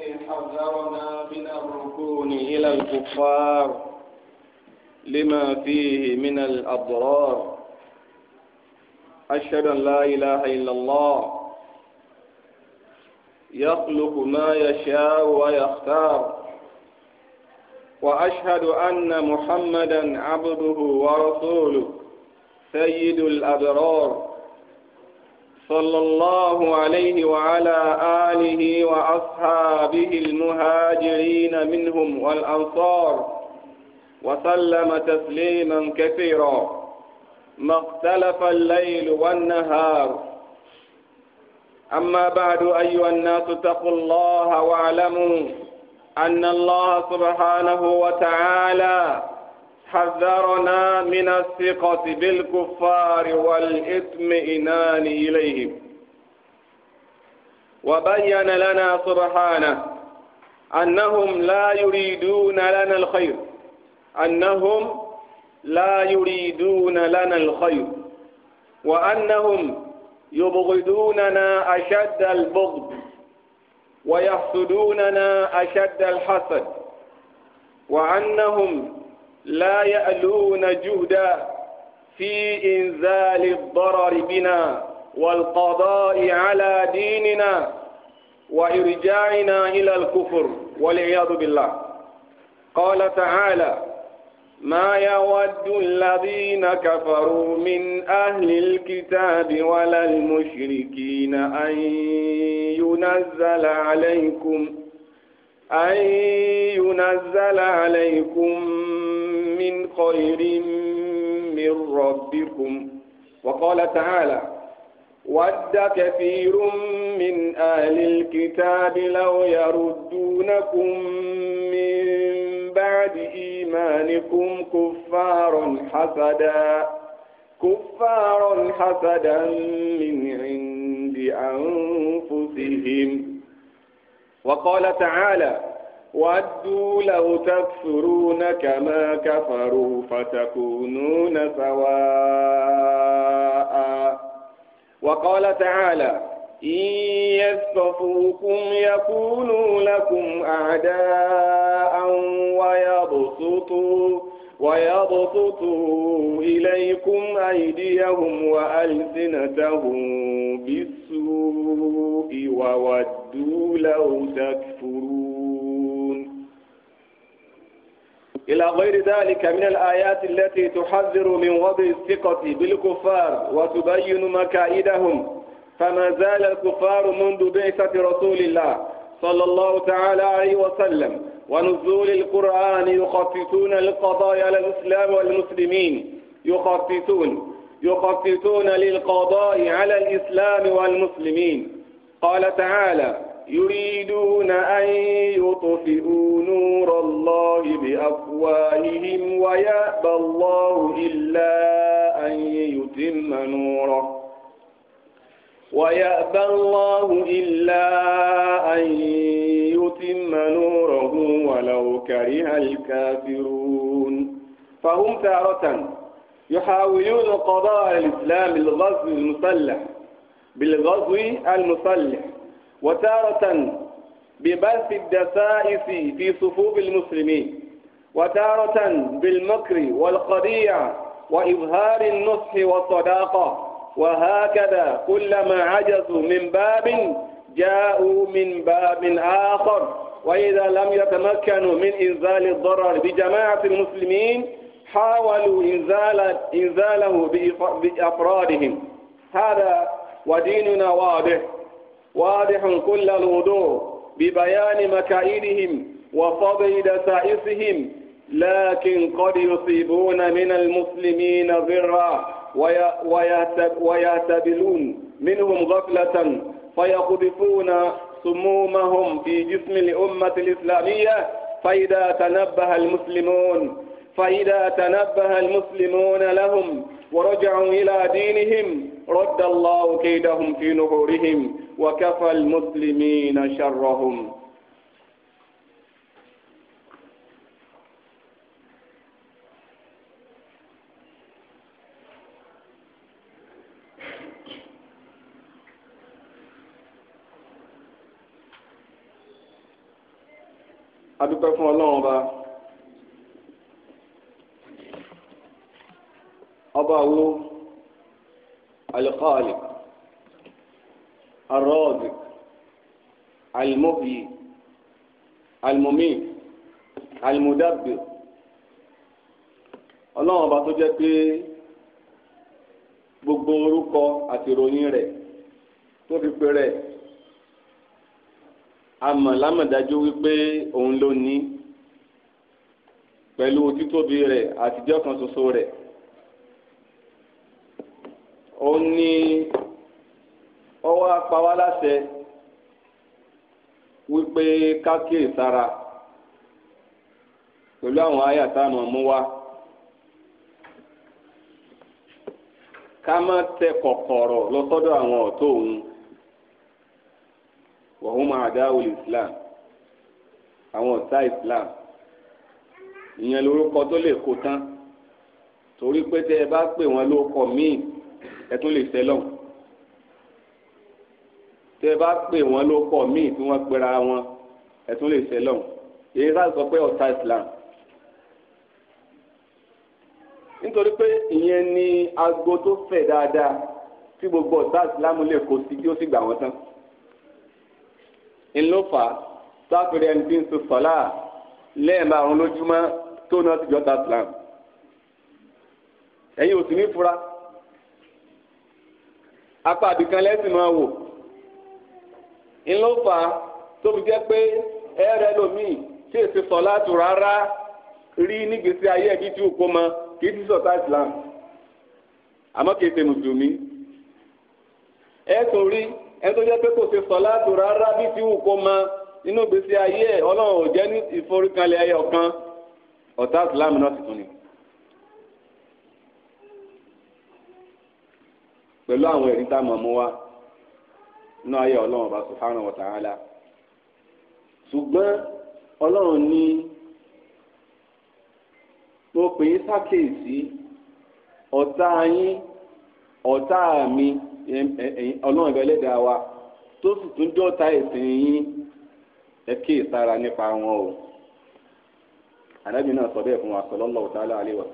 حذرنا من الركون إلى الكفار لما فيه من الأضرار أشهد أن لا إله إلا الله يخلق ما يشاء ويختار وأشهد أن محمدا عبده ورسوله سيد الأبرار صلى الله عليه وعلى آله وأصحابه المهاجرين منهم والأنصار وسلم تسليما كثيرا ما اختلف الليل والنهار أما بعد أيها الناس اتقوا الله واعلموا أن الله سبحانه وتعالى حذرنا من الثقة بالكفار والإطمئنان إليهم وبين لنا سبحانه أنهم لا يريدون لنا الخير أنهم لا يريدون لنا الخير وأنهم يبغضوننا أشد البغض ويحسدوننا أشد الحسد وأنهم لا يألون جهدا في إنزال الضرر بنا والقضاء على ديننا وإرجاعنا إلى الكفر والعياذ بالله قال تعالى ما يود الذين كفروا من أهل الكتاب ولا المشركين أن ينزل عليكم أن ينزل عليكم خير من ربكم وقال تعالى ود كثير من أهل الكتاب لو يردونكم من بعد إيمانكم كفارا حسدا كفارا حسدا من عند أنفسهم وقال تعالى ودوا لو تكفرون كما كفروا فتكونون سواء وقال تعالى إن يسقفوكم يكونوا لكم أعداء ويبسطوا ويبسطوا إليكم أيديهم وألسنتهم بالسوء وودوا لو تكفرون إلى غير ذلك من الآيات التي تحذر من وضع الثقة بالكفار وتبين مكائدهم فما زال الكفار منذ بعثة رسول الله صلى الله تعالى عليه وسلم ونزول القرآن يخففون للقضايا على الإسلام والمسلمين يخففون يخففون للقضاء على الإسلام والمسلمين قال تعالى يريدون أن يطفئوا نور الله بأفواههم ويأبى الله إلا أن يتم نوره ويأبى الله إلا أن يتم نوره ولو كره الكافرون فهم تارة يحاولون قضاء الإسلام الغزو المسلح بالغزو المسلح وتارة ببث الدسائس في صفوف المسلمين وتارة بالمكر والقضية وإظهار النصح والصداقة وهكذا كلما عجزوا من باب جاءوا من باب آخر وإذا لم يتمكنوا من إنزال الضرر بجماعة المسلمين حاولوا إنزال إنزاله بأفرادهم هذا وديننا واضح واضح كل الوضوء ببيان مكائدهم وفضل دسائسهم لكن قد يصيبون من المسلمين ضرا ويعتبلون منهم غفلة فيقذفون سمومهم في جسم الأمة الإسلامية فإذا تنبه المسلمون فإذا تنبه المسلمون لهم ورجعوا إلى دينهم رد الله كيدهم في نحورهم وكفى المسلمين شرهم adúpẹ́ fún ọlọ́run ọba ọba wo الخالق الرازق المحيي المميت المدبر ọlọ́run ọba tó jẹ́ pé gbogbo orúkọ àti ìròyìn rẹ̀ tó fi pe rẹ̀ àmọ́ lámọ̀dájú wípé òun ló ní pẹ̀lú títóbi rẹ̀ àtijọ́ kan ṣoṣo rẹ̀ òun ni ọwọ́ apáwá láṣẹ wípé kákìrì sára pẹ̀lú àwọn àyà táwọn mú wá ká má tẹ kọ̀kọ̀rọ̀ lọ sọ́dọ̀ àwọn ọ̀tọ̀ òun wọ̀hún máa dá Islam àwọn ọ̀tá Islam ìyẹn lórúkọ tó lè kó tán torí pé tẹ ẹ bá pè wọn lórúkọ míì ẹ tún lè sẹ lọ́hùn tẹ bá pè wọ́n ló pọ̀ míì tí wọ́n pera wọn ẹ tún lè sẹ lọ́hùn èyí sá sọ pé ọ̀tá Islam nítorí pé ìyẹn ni agbo tó fẹ̀ dáadáa tí gbogbo ọ̀tá Islam lè kó sí tí ó sì gbà wọ́n tán ńlọ́fà sáfìrì ẹni tí ń sọ sọ́lá lẹ́ẹ̀mà àrùn lójúmọ́ tó náà ti jọ́ta Islam ẹ̀yin ò sì ní fura apá àbìkan lẹ́sìn máa wò ńlọ́fà tó fi jẹ́ pé ẹ̀rẹ́ lòmíì tí èsì sọ láti rárá rí nígbèsí ayé ẹ̀bí tí òkú mọ kì í ti sọ̀tà Islam àmọ́ kì í ṣe mùsùlùmí ẹ̀ tún rí ẹ̀ tó jẹ́ pé kò ṣe sọ láti rárá bí tí òkú mọ nínú gbèsè ayé ọlọ́run ò jẹ́ ní ìforíkanlẹ̀ ẹyọ kan ọ̀tá Islam náà sì tún ni. pẹ̀lú àwọn ẹ̀rí tá a mọ̀ mú wa náà ayé ọlọ́run ọba subhanahu wa ta'ala ṣùgbọ́n ọlọ́run ní mo pè é sákèésí ọ̀tá yín ọ̀tá mi ọlọ́run ìbẹ̀ lẹ́dàá wa tó sì tún jẹ́ ọ̀tá ẹ̀sìn yín ẹ kíyèsára nípa wọn o ànábì náà sọ bẹ́ẹ̀ fún wa sallallahu ta'ala alaihi wa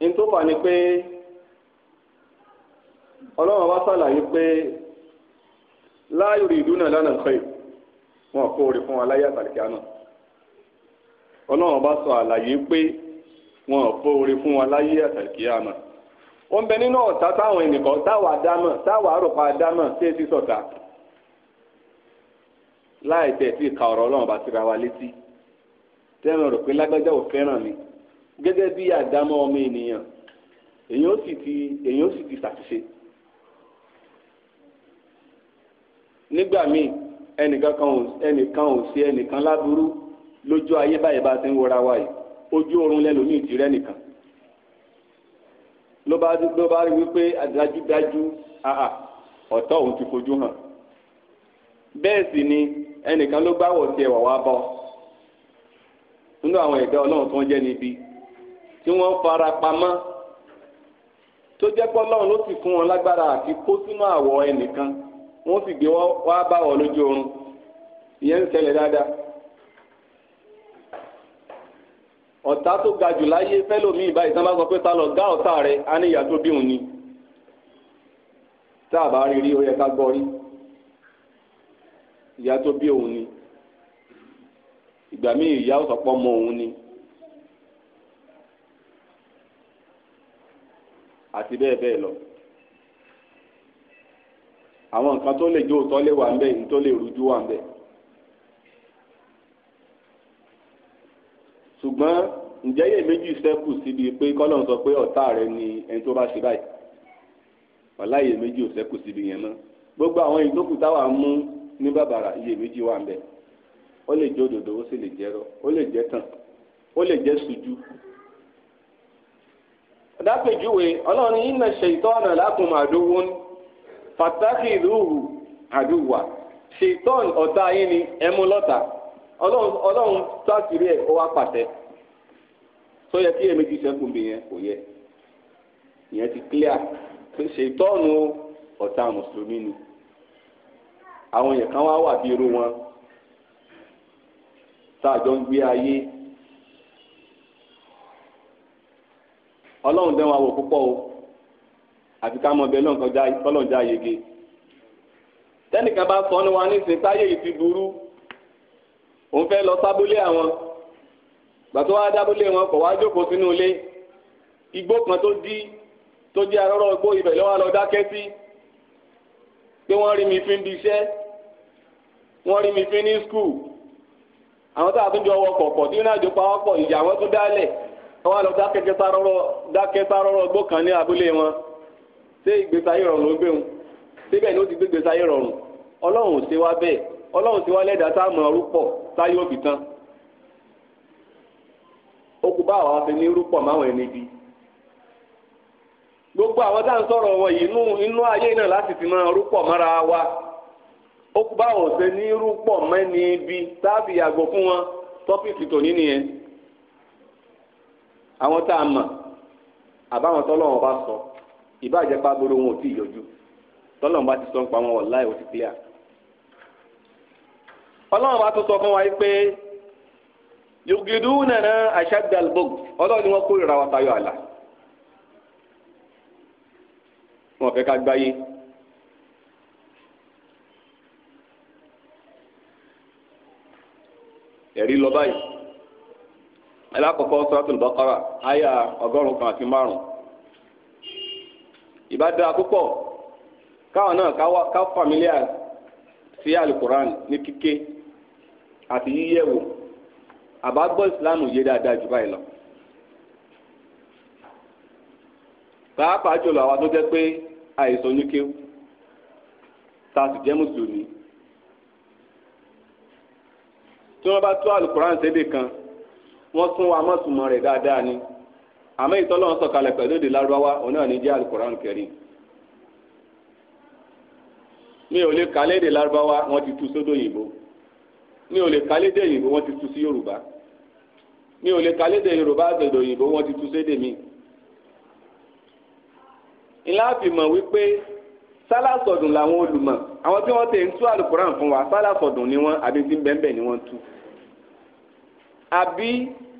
ní tó fà ni pé ọlọ́run wá sàlàyé pé láàyò rí ìdúnà lánàá nǹkan yìí wọn kó orí fún wa láyé àtàlẹ́kẹ́ náà ọlọ́run bá sọ àlàyé pé wọn ò fó fún wa láyé àtàlẹ́kẹ́ àmọ́ ó ń bẹ nínú ọ̀tá táwọn ẹnìkan táwa dámọ̀ táwa àròpá dámọ̀ tí èsì sọ̀tà láì tẹ̀ sí ìka ọ̀rọ̀ ọlọ́run bá síra wa létí tẹ́wọ̀n rò pé lágbájá ò fẹ́ràn mi gẹ́gẹ́ bí àdámọ́ ọmọ ènìyàn èyàn ó sì ti èyàn ó sì ti ṣàṣìṣe nígbà míì ẹnìkan kan ò ẹnìkan ò ṣe ẹnìkan láburú lójú ayé báyìí bá ti ń wọra wa yìí ojú oorun lẹ́lòmíì ti rẹ́ nìkan ló bá ló bá rí wípé dájúdájú àhà ọ̀tọ̀ òun ti fojú hàn bẹ́ẹ̀ sì ni ẹnìkan ló gbáwọ̀ tiẹ̀ wà wá bọ̀ nínú àwọn ẹ̀dá ọlọ́run tó ń jẹ́ níbi tí wọ́n fara pamọ́ tó jẹ́ pé Ọlọ́run ló sì fún wọn lágbára àti kó sínú àwọ̀ ẹnìkan wọ́n sì gbé wá bá wọ lójú oorun ìyẹn ń ṣẹlẹ̀ dáadáa. ọ̀tá tó ga jù láyé fẹ́lòmíì báyìí sábà sọ pé ta lọ gá ọ̀tá rẹ á ní ìyá tó bí òun ni tá a bá rí rí ó yẹ ká gbọ́ rí ìyá tó bí òun ni ìgbà míì ìyá ó sọ pé ọmọ òun ni. àti bẹ́ẹ̀ bẹ́ẹ̀ lọ àwọn nǹkan tó lè jó òótọ́ lè wà ńbẹ̀ tó lè rújú wà ńbẹ̀ ṣùgbọ́n ǹjẹ́ yẹ méjì sẹ́kù síbi pé kọ́lọ́n sọ pé ọ̀tá rẹ ni ẹni tó bá ṣe báyìí wàlá ò gbogbo àwọn táwa mú ní bàbàrà iye méjì wà ńbẹ̀ ó lè ó lè jẹ́ tàn ó lè jẹ́ sùjú lápèjúwe ọlọ́run inna shaytana lakum aduwwun fattakhidhuhu aduwwa ṣètọ́n ọ̀tá ayé ni ẹ mú lọ́tà ọlọ́run sásìrí ẹ̀ ó wá pàṣẹ tó yẹ kí èmi ti sẹ́kùn bí yẹn kò yẹ ìyẹn ti clear ṣètọ́nù ọ̀tá mùsùlùmí ni àwọn yẹn kan wá wà bí irú wọn tá a jọ ń gbé ayé ọlọ́run dẹ́wọ̀n àwò púpọ̀ o àfi ká mọ bẹ́ẹ̀ lọ́n kọlọ́njà yege tẹ́nìkan bá sọ ní wa ní ìsìn táyé yìí ti burú òun fẹ́ lọ sábúlé àwọn gbàtọ́ wá dábúlé wọn kọ̀ wá jókòó sínú ilé igbó kan tó dí tó jẹ́ arọ́rọ́ igbó ibẹ̀ lọ́wọ́ lọ dákẹ́ sí pé wọ́n rí mi fi ń di iṣẹ́ wọ́n rí mi fi ní skul àwọn tó àtúnjọ wọ kọ̀ọ̀kọ̀ tí ó náà jó pawọ́pọ̀ ìyá wọn tún dálẹ̀ àwọn àlọ́ dákẹ́ sárọ́rọ́ ọgbọ́n ní abúlé wọn ṣé rọrùn ló gbé wọn síbẹ̀ ni ó ti gbé rọrùn ọlọ́run ò ṣe wá bẹ́ẹ̀ ọlọ́run ti a òbí tán bá àwọn gbogbo àwọn tá à ń sọ̀rọ̀ wọn yìí inú ayé náà láti fi máa rúpọ̀ wa ó kú bá òṣè ní rúpọ̀ mẹ́ni bí yàgò àwọn tá a mọ̀ àbáwọn tọ́lọ́wọ́n bá sọ ìbàjẹ́ pàgbóró wọn ò tí ì yọjú tọ́lọ́wọ́n bá ti sọ ń pa wọn wọ̀láì ó ti clear. ọlọ́wọ́n bá tún sọ fún wa yìí pé yugidu nana ashadal bog ọlọ́wọ́n ni wọ́n kórìíra wa tayọ àlà wọn fẹ́ ká gbáyé. ẹ̀rí lọ báyìí alákọ̀ọ́kọ́ suratul baqara àyà ọgọ́rùn-ún kan àti márùn-ún. ìbádá púpọ̀ káwọn náà ká fàmílíà sí alukoran ní kíké àti yíyẹ̀wò àbágbọ́ ìsìláàmù yé dáadáa jù báyìí lọ. pàápàá jùlọ àwa tó jẹ́ pé àìsàn oníkéwù tá a sì jẹ́ mùsùlùmí tí wọ́n bá tú alukoran sébè kan wọ́n tún wa mọ́tùmọ́ rẹ̀ dáadáa ni àmọ́ ìtọ́lọ́wọ́n sọ̀kalẹ̀ pẹ̀lú èdè lárúbáwá òun náà ní jẹ́ alukoran kẹrin mi ò lè kalẹ̀ èdè lárúbáwá wọ́n ti tú sódò òyìnbó mi ò lè kalẹ̀ èdè òyìnbó wọ́n ti tú sí yorùbá mi ò lè kalẹ̀ èdè yorùbá àtẹ̀dọ̀ òyìnbó wọ́n ti tú sédè mi. ìlà àfìmọ̀ wípé sálàsọ̀dùn làwọn olùmọ̀ àwọn tí wọ́n tẹ̀ ń tú alukoran fún wa sálàsọ̀dùn ni wọ́n àbí tí bẹ́ẹ̀ ni wọ́n tú àbí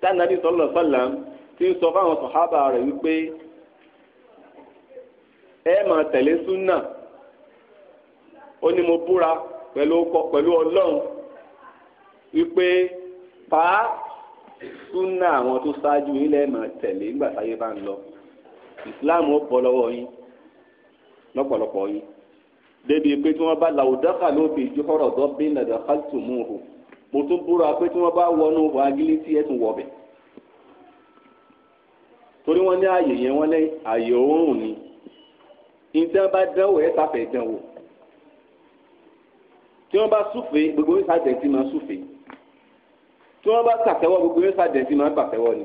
tánàbí sọlọ sọlá ti ń sọ fáwọn sọhábà rẹ̀ wípé ẹ máa tẹ̀lé súnà ó ní mo búra pẹ̀lú ọlọ́run wípé pàá súnà àwọn tó ṣáájú yín lẹ́ẹ̀ máa tẹ̀lé nígbà táyé bá ń lọ ìsìláàmù ó bọ́ lọ́wọ́ yín lọ́pọ̀lọpọ̀ yín débi pé tí wọ́n bá làwùdákà ló fi ìjọ́rọ̀ dọ́bí nàdàkàtúmùhù mo tún búra pé tí wọ́n bá wọnú fàgílítì ẹ̀ tún wọ̀bẹ̀ torí wọ́n ní ààyè yẹn wọ́n lé ààyè òórùn ni ìdá bá dánwò ẹ̀ tàfẹ́ dánwò tí wọ́n bá súfèé gbogbo yín sàdẹ̀tì máa súfèé tí wọ́n bá sàtẹ́wọ́ gbogbo yín sàdẹ̀tì máa gbàtẹ́wọ́ ni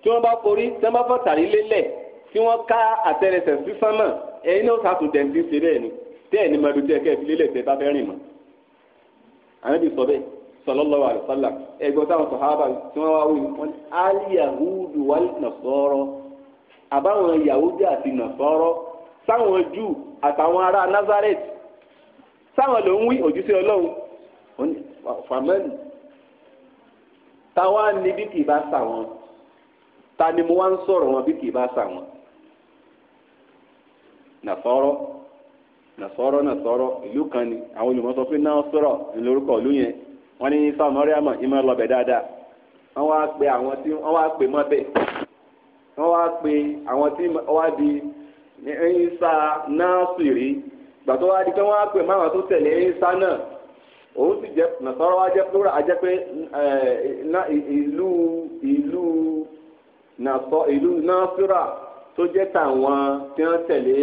tí wọ́n bá forí tí wọ́n bá fọ̀tàrí lélẹ̀ tí wọ́n ká àtẹrẹsẹ̀ sísánmọ̀ ẹ̀yin náà sàtúndẹ̀ntì ṣe bẹ́ẹ̀ ni tẹ́ẹ̀ ni mọ̀ọ́dún tẹ́ẹ̀ kẹ́ẹ̀ fi lélẹ̀ tẹ́ẹ̀ bá fẹ́ rìn mọ́ ànábì sọ bẹ́ẹ̀ sallallahu alaihi wasallam ẹgbẹ́ táwọn sọ̀hábà tí wọ́n wá wí wọ́n aliyahudu wal nasọ́rọ́ àbáwọn yahudi àti nasọ́rọ́ sáwọn jù àtàwọn ará nazareth sáwọn ló ń wí òjíṣẹ́ ọlọ́run fàmẹ́lì táwa ni bí kì í bá sà wọn ta ni mo wá ń sọ̀rọ̀ wọn bí kì í bá sà wọn nasọ́rọ́. nàsọ́rọ́ nàsọ́rọ́ ìlú kan ni àwọn olùmọ̀ sọ pé náà sọ̀rọ̀ ńlórúkọ ìlú yẹn wọ́n ní isa ìmọ̀ lọ́bẹ̀ dáadáa wọ́n wá pe àwọn tí wọ́n wá pe mọ́bẹ̀ wọ́n wá pe àwọn tí wọ́n wá di isa náà sùrí gbà tó wá di pé wọ́n wá pe máwọn tó tẹ̀lé isa náà òun sì jẹ́ nàsọ́rọ́ wá jẹ́ plural ajẹ́ pé eh, ìlú ìlú nàsọ ìlú náà sùrà tó jẹ́ tàwọn tí wọ́n tẹ̀lé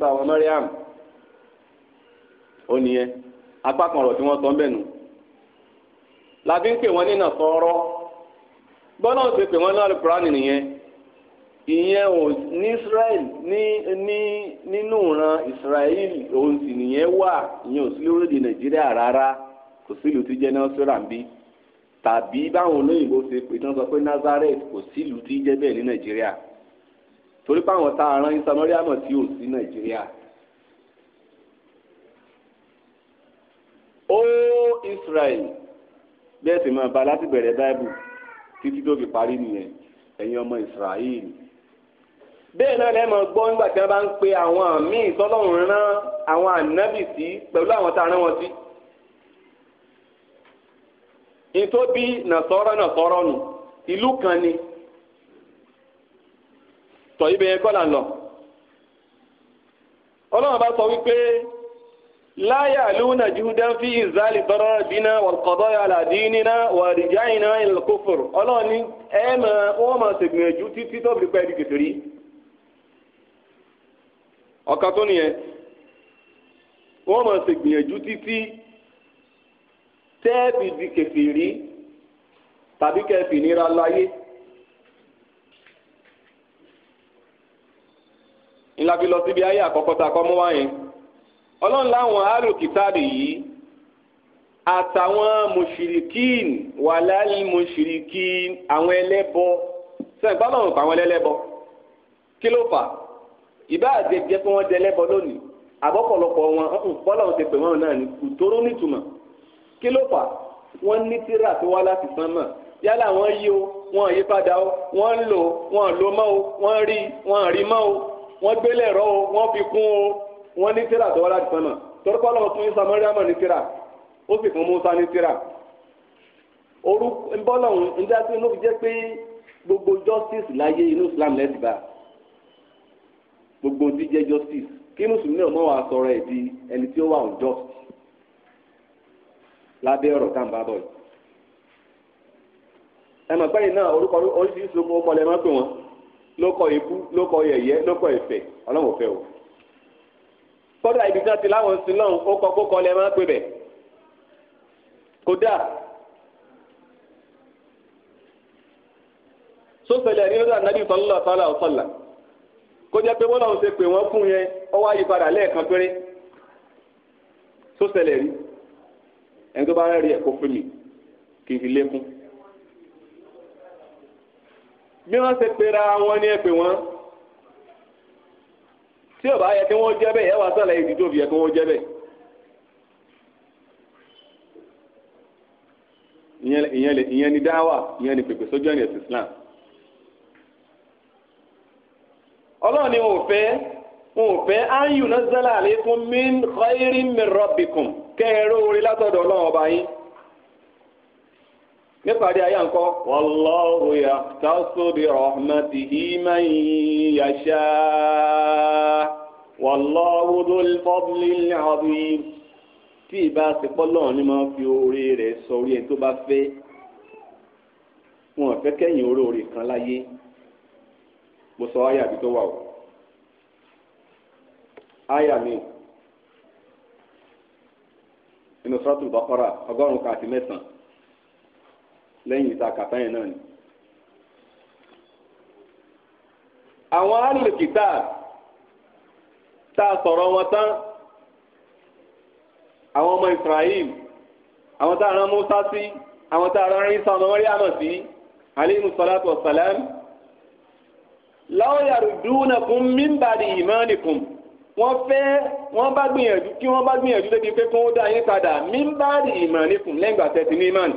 wọn ó nìyẹn apá kan ọ̀rọ̀ tí wọ́n sọ ń nina nù làbí ń pè wọ́n nínà sọ̀rọ̀ bọ́lá ṣe pè wọ́n lọ́rùn kúránì nìyẹn ìyẹn ò ní Israel ní ní nínú ìran Israel òun sì nìyẹn wà ìyẹn ò sí lórílẹ̀ Nàìjíríà rárá kò sí tí ń bí tàbí báwọn olóyìnbó ṣe pè sọ pé Nazareth kò tí ó Israel bẹ́ẹ̀ sì máa ba láti bẹ̀rẹ̀ báíbù títí tó fi parí nìyẹn ẹ̀yin ọmọ Israel bẹ́ẹ̀ náà lẹ́ẹ̀ máa gbọ́ nígbà tí wọ́n bá ń pe àwọn míì tọ́lọ́run rán àwọn ànábì sí pẹ̀lú àwọn tá a rán wọn sí. ìtòbí nàṣọ́rọ́ nàṣọ́rọ́ nù ìlú kan ni tọ̀ ibẹ̀ yẹn kọ́ là ń lọ. ọlọ́run bá sọ wípé. لا يعلون جهدا في إنزال ضرر بنا والقضاء على ديننا ورجعنا إلى الكفر ọlọ́run ní ẹ máa wọ́n máa ṣègbìyànjú títí tó fi pẹ́ẹ́lí kìtìrí ọ̀ka tó nìyẹn wọ́n máa ṣègbìyànjú títí tẹ́ẹ̀bì di kẹfìrí tàbí kẹfì nira láyé ńlá fi lọ síbi ayé àkọ́kọ́ tá a kọ́ mú wáyé ọlọ́run láwọn alùkìtàbì yìí àtàwọn mùṣìríkìn wàláyé mùṣìríkìn àwọn ẹlẹ́bọ sẹ́yìn bá lọ́run pa àwọn ẹlẹ́bọ kí ló fà ìbá àjẹjẹ pé wọ́n dẹlẹ́bọ lónìí àbọ̀pọ̀lọpọ̀ wọn bọ́lọ́run ti pè wọ́n náà ní kùtóró nítumọ̀ kí ló fà wọ́n ní tíra tó wá láti sánmà yálà wọ́n yí o wọ́n yí padà o wọ́n ń lò wọ́n lò mọ́ o wọ́n rí wọ́n rí mọ́ o wọ́n gbélé ẹ̀rọ o wọ́n fi kún o wọ́n ní tíra tó wá láti sánmà tọ́lọ́kọ́ lọ́wọ́ tún isa mọ́ríàmọ̀ ní tíra ó sì fún Musa ní tíra orúkọ bọ́lá ń dá sí inú fi jẹ́ pé gbogbo justice láyé inú Islam lẹ́sìn bá gbogbo ti jẹ́ justice kí mùsùlùmí ọmọ wa sọ̀rọ̀ ẹ̀ di ẹni tí ó wà on just lábẹ́ ọ̀rọ̀ tá à ń bá bọ̀ yìí ẹ mọ̀ pẹ́yìn náà orúkọ oríṣiríṣi ló kọ́ lẹ́ máa pè wọ́n ló kọ́ ikú ló kọ́ yẹ̀yẹ́ ló kọ́ ẹ̀fẹ̀ ọlọ́run ò fẹ́ o. kọ́dà ibi tí wọ́n ti láwọn sí náà ó kọ́ kó kọ́ lẹ́ máa pè bẹ̀ kódà sọ́sẹ̀lẹ̀ ní lọ́dọ̀ ànábì sọ́lá kó jẹ́ pé ṣe pè wọ́n fún yẹn lẹ́ẹ̀kan péré sọ́sẹ̀lẹ̀ rí ẹni tó bá rẹ́ẹ̀rí ẹ̀ fún mi wọ́n ṣe pera wọn ní tí ò bá yẹ kí wọ́n jẹ́ bẹ́ẹ̀ ẹ wá sàlàyé ìdí tó fi yẹ kí wọ́n jẹ́ bẹ́ẹ̀. ìyẹn ni dáwà ìyẹn ni pèpè sójú ẹ̀yìn ẹ̀sìn Islam. ọlọ́run ni wọn ò fẹ́ wọn ò fẹ́ áyùn náà zẹ́là àlékún min khairin min rabbikum kẹ́ ẹ̀rọ orí látọ̀dọ̀ ọlọ́run ọba yín níparí ayé ńkọ́. wallahu yahtassu bi rahmatihi man yasha wallahu dhul fadlil azim tí ìbá ti pọ́lọ́ ni máa fi oore rẹ̀ sọ orí ẹ̀ tó bá fẹ́ wọn ò fẹ́ kẹ́yìn oróore kan láyé mo sọ ayé àbí tó wà o ayé mi inú sọ́tù bọ́kọ́rà ọgọ́rùn-ún kan mẹ́sàn-án lẹ́yìn ìta kàtá yẹn náà ni. àwọn alùkìtà tá a sọ̀rọ̀ wọn tán àwọn ọmọ Israel àwọn tá a rán Musa sí àwọn tá a rán Isa ọmọ Mọ́ríàmọ̀ sí aleyhi musalatu wa salam láwọn yàrá dúnà fún mímbàdì ìmánìkùn wọ́n fẹ́ wọ́n bá gbìyànjú kí wọ́n bá gbìyànjú débi pé kó dá yín padà mímbàdì ìmánìkùn lẹ́yìn tẹ̀sí ní ìmánì.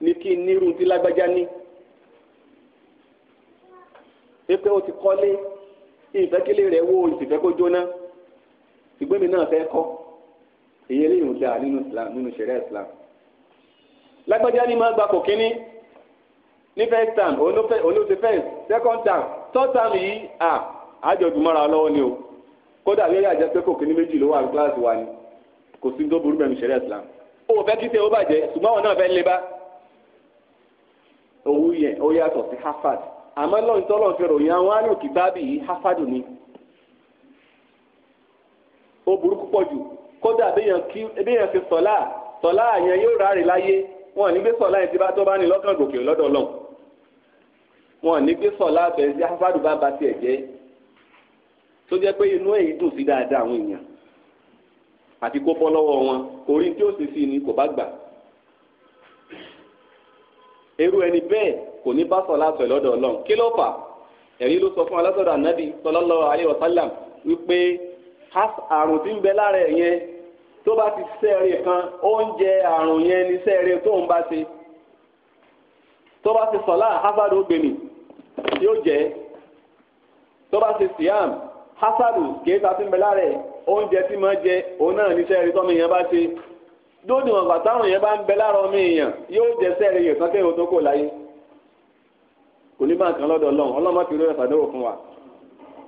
ni kí n nírú tí lágbájá ní pé ó ti kọ́lé ìfẹ́kélé rẹ̀ wó ìsìfẹ́ kó jóná ṣùgbọ́n mi náà fẹ́ kọ́ èyí eléyìí ń da nínú Islam nínú ṣẹ̀ríà Islam lágbájá ní máa gba kò kínní ní first term olóòtú first second term third term yìí à àjọ̀dún mọ́ra lọ́wọ́ ni o kódà bí ẹ̀yà jẹ́ pé kò kínní méjì ló wà ní kíláàsì wa ni kò sí tó burú bẹ̀rù ṣẹ̀ríà Islam ó fẹ́ kí tẹ ó bàjẹ́ ṣùgbọ́n àwọn náà fẹ́ lé bá owó yẹn ó yàtọ̀ sí harvard àmọ́ lọ́yìn tọ́lọ́ fi ròyìn àwọn àlòkì bábì yìí harvard ni ó burú púpọ̀ jù kódà béèyàn fi sọ̀lá sọ̀lá yẹn yóò ráre láyé wọn ní gbé sọ̀lá yẹn tí bá tó bá ní lọ́kàn gòkè lọ́dọ̀ Ọlọ́run wọn ní gbé sọ̀lá bẹ̀rẹ̀ sí harvard bá ba tiẹ̀ jẹ́ tó jẹ́ pé inú èyí dùn sí dáadáa àwọn èèyàn àti kó bọ́ lọ́wọ́ wọn orí tí ó sì sí ni kò bá gbà irú ẹni bẹ́ẹ̀ kò ní bá sọ̀lá sọ̀ lọ́dọ̀ ọlọ́run kí ló fà ẹ̀rí ló sọ fún alásọ̀dọ̀ ànábì sallallahu alaihi wasallam wípé àrùn tí ń bẹ lára ẹ̀ yẹn tó bá ti sẹ́ẹ̀rẹ̀ kan oúnjẹ àrùn yẹn ni sẹ́ẹ̀rẹ̀ tó ń bá ṣe tó bá ti sọ̀lá hasadu gbèmí yóò jẹ́ tó bá ti siam hasadu kéèta tí ń bẹ lára ẹ̀ oúnjẹ tí máa jẹ òun náà ni sẹ́ẹ̀rẹ̀ tọ́mọ yẹn bá ṣe lónìí wọn gbà táwọn yẹn bá ń bẹ lára ọmọ èèyàn yóò jẹ sẹ́ẹ̀rẹ̀ yẹn tán kéwọn tó kò láyé kò ní máa kàn lọ́dọ̀ ọlọ́run ọlọ́run ti rẹ̀ sàdéhùn fún wa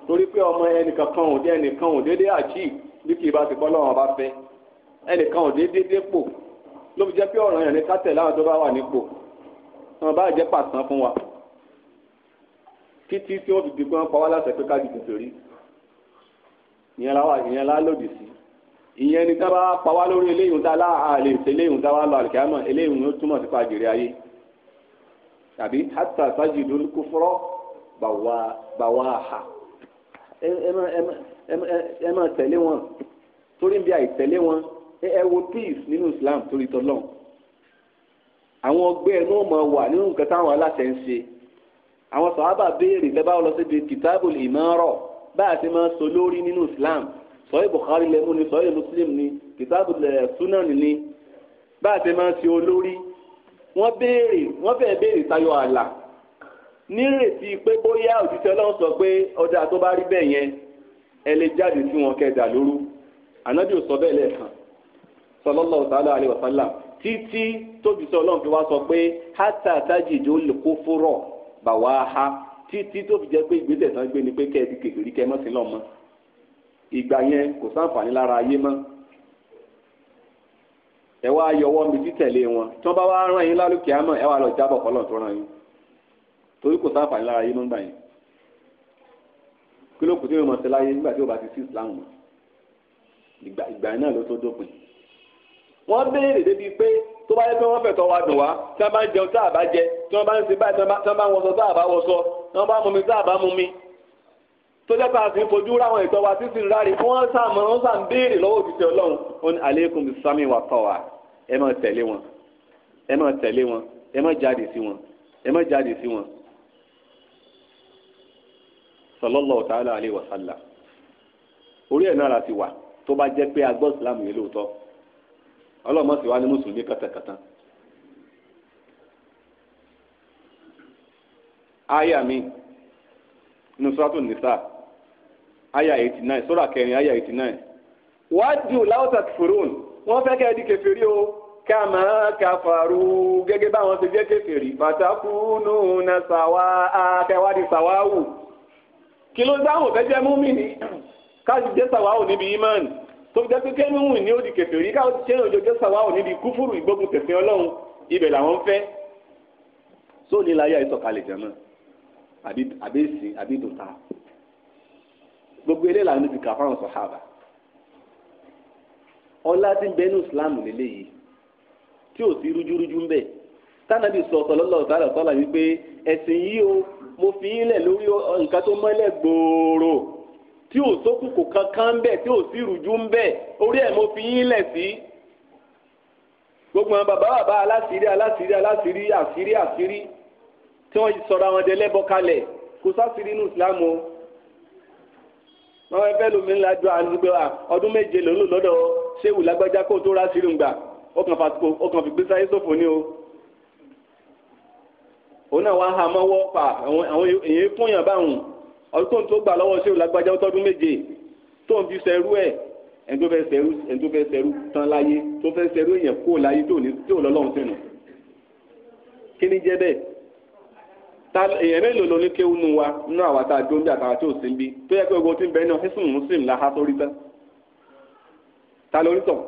torí pé ọmọ ẹnìkan kan ò dé ẹnìkan ò déédéé àjí bí kì í bá ti kọ́ lọ́wọ́n bá fẹ́ ẹnìkan ò déédéé dépò ló fi jẹ́ pé ọ̀ràn yẹn ní kátẹ̀ láwọn tó bá wà nípò wọn bá jẹ́ pàtàn fún wa títí tí wọ́n fi dìgbọ́n pa wá láṣẹ pé ká dìbò sórí ìyẹn la lòdì sí ìyẹn ni tábà pa wá lórí eléyìí tá láàlè ṣe eléyìí tá wá lọ àlùkìyámọ̀ eléyìí ni ó túmọ̀ sí pàjìrì ayé tàbí hàtà sájìdó kúfúrọ́ bàwá ha ẹ máa tẹ̀lé wọn torí bí àìtẹ̀lé wọn ẹ wo peace nínú Islam torí tọ́lọ́n àwọn ọgbẹ́ ẹ̀ náà máa wà nínú nǹkan táwọn aláṣẹ ń ṣe àwọn sàhábà béèrè bẹ́ẹ̀ bá lọ síbi kìtábùl ìmárà bá a ti máa sọ lórí nínú Islam sọ́yìn Bukhari lẹ́mú ni sọ́yìn Muslim ni kìtàbù sunan ni bá a ti máa ṣe olórí wọ́n béèrè wọ́n fẹ́ẹ́ béèrè tayọ ààlà nírètí pé bóyá òjíṣẹ́ Ọlọ́run sọ pé ọjà tó bá rí bẹ́ẹ̀ yẹn ẹ lè jáde sí wọn kẹdà lóru ànábì ò sọ bẹ́ẹ̀ lẹ́ẹ̀kan sallallahu ta'ala alaihi wa sallam títí tójúṣẹ́ Ọlọ́run fi wá sọ pé hátà tájìdó lè kó fúrọ̀ bàwá ha títí tó fi pé ìgbésẹ̀ tán gbé ni pé kẹ́ẹ̀dì kékeré kẹ́ẹ́ mọ́sí lọ́mọ́ ìgbà yẹn kò sáǹfààní lára ayé mọ́ ẹ wá yọwọ́ mi títẹ̀lé wọn tí wọ́n bá wá ràn yín lálùkì àmọ́ ẹ wá lọ jábọ̀ kọ́lọ̀ tó ràn yín torí kò sáǹfààní lára ayé mọ́ gbà yẹn kí ló kù tí mo mọ̀ sí láyé nígbà tí o bá ti sí Islam mọ́ ìgbà ìgbà yẹn náà ló tó dópin wọ́n béèrè débi pé tó bá yẹ pé wọ́n fẹ̀tọ́ wa dùn wá tí wọ́n bá ń jẹun tá a bá jẹ tí wọ́n bá ń ṣe báyìí tí wọ́n bá ń wọṣọ tá a bá wọṣọ tí wọ́n bá ń mumi tá a bá mumi tọ́jọ́ tá a fi fojú ráwọn ìtọ́ wa títí ráre fún wọn sàmọ́ wọn sàn béèrè lọ́wọ́ òṣìṣẹ́ ọlọ́run ó ní aleikum bisami wa tọ́wà ẹ máa tẹ̀lé wọn ẹ máa tẹ̀lé wọn ẹ máa jáde sí wọn ẹ máa jáde sí wọn. sallallahu ta'ala alaihi wa sallam orí ẹ̀ náà láti wà tó bá jẹ́ pé agbọ́ ìsìlámù yìí lóòótọ́ ọlọ́mọ sì wá ní mùsùlùmí kàtàkàtà. àyà mi nusratu nisa aya eighty nine sura kẹrin aya eighty nine wájú láwùsà fúrún wọ́n fẹ́ kẹ́ ẹ di kèfèrí o kàmá kàfàrú gẹ́gẹ́ báwọn ṣe jẹ́ kèfèrí bàtàkùnú na sàwá àtẹwádìí sàwáwù kí ló dáhùn fẹ́ jẹ́ múmìnì káàsì jẹ́ sàwáwù níbi imán tó fi jẹ́ pé kẹ́míhùn ni ó di kèfèrí káàsì jẹ́ òjò jẹ́ sàwáwù níbi kúfúrú ìgbógun tẹ̀sìn ọlọ́run ibẹ̀ làwọn fẹ́ sóòlì láyà ìsọ̀kalẹ̀ jẹ́ náà àbí èsì àbí dòta gbogbo ilé làwọn níbi kà fáwọn sọ̀hábà ọlá tí ń bẹ ní islam lélẹ́yìí tí ò sí rújúrújú ń bẹ tánàbí sọ sọlọ́lọ́ sálọ̀ sọ́la wípé ẹ̀sìn yìí o mo fi í lẹ̀ lórí nǹkan tó mọ́lẹ̀ gbòòrò tí ò sókùnkùn kankan ń bẹ tí ò sí rújú ń bẹ orí ẹ̀ mo fi í sí gbogbo àwọn bàbá bàbá aláṣírí aláṣírí aláṣírí àṣírí àṣírí tí wọ́n sọra wọn dẹ lẹ́bọ kalẹ̀ kò sáṣírí ní islam o wọn fẹ́ lómi ńlá ju àdúgbò ọdún méje lòún lò lọ́dọ̀ ṣéwù lágbájá kó tó rásìrì ńgbà ó kàn fi gbé sáyé sófò ní o òun náà wàá ha mọ́wọ́ pa àwọn èèyàn fúnyàn báwọn ọdún tóun tó gbà lọ́wọ́ ṣéwù lágbájá ó tọ́dún méje tóun fi ṣerú ẹ̀ ẹni tó fẹ́ ṣerú ẹni tó fẹ́ ṣerú tán láyé tó fẹ́ ṣerú èèyàn kó láyé tó ní tó lọ́lọ́run sínú kí ni jẹ́ bẹ́ẹ̀ ta èèyàn mélòó ló ní kéwú nu wa nínú àwa tá a dó ń bí àtàwọn tí ò sí ń bí tó yẹ pé ogun tí ń bẹ náà hísùn muslim la ha sórí tán ta lórí tàn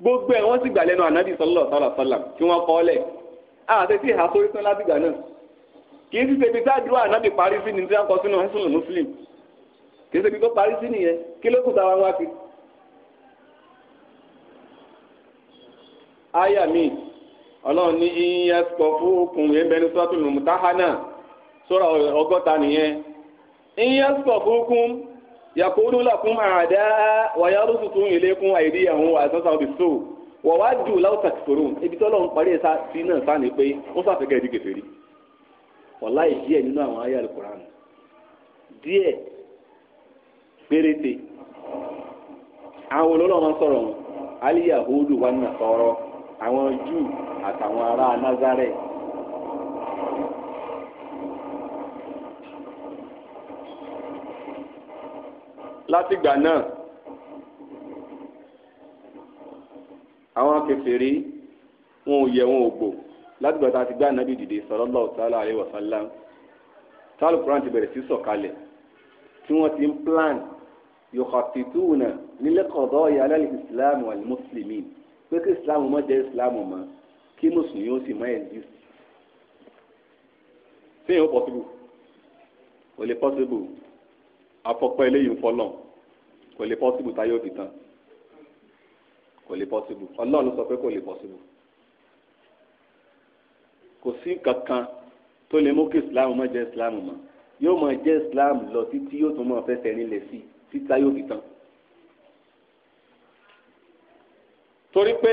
gbogbo ẹ wọn sì gbà lẹ́nu ànábì sọlọ sọlọ sọlọ kí wọn kọ ọ lẹ àti tí ha sórí tán látìgbà náà kì í sì ṣe ibi tá a dúró ànábì parí sí ni tí wọn kọ sínú hísùn muslim kì í ṣe ibi tó parí sí nìyẹn kí ló kù tá a wá wá sí. aya miin. ọlọ́run ní iye sọ fún okùn yẹn bẹni sọ́tún lùmùtáhánà sọ́ra ọgọ́ta nìyẹn iye sọ fún okùn yakuru lakum àdá wàyà rúsùtù ìlẹ́kùn àìrí ẹ̀hún òbí so wọ̀wá jù láwùtà kìfòrò ibi tọ́lọ́ ń parí ẹ̀sà sí náà pé ó díẹ̀ nínú àwọn ayé díẹ̀ péréte àwọn sọ̀rọ̀ àwọn àtàwọn ará Nazareth. látìgbà náà àwọn kèfèrí wọn ò yẹ wọn ò gbò látìgbà tá a ti gbá ànábì dìde sallallahu ta'ala alaihi wa sallam tálù kuran ti bẹ̀rẹ̀ sí sọ̀kalẹ̀ tí wọ́n ti ń plan yukhatituna lil qadaya ala al pé kí islam má jẹ́ islam mọ́ kí mùsùlùmí ó sì má exist sẹ́yìn ó possible kò lè possible afọ́pọ́ eléyìí ń fọ́lọ̀ kò lè possible táyé òbí tán kò lè possible ọlọ́run sọ pé kò lè possible kò sí kankan tó lè mú kí islam má jẹ́ islam mọ́ yóò máa jẹ́ islam lọ títí yóò tún máa fẹsẹ̀ nílẹ̀ sí títí táyé òbí tán torí pé.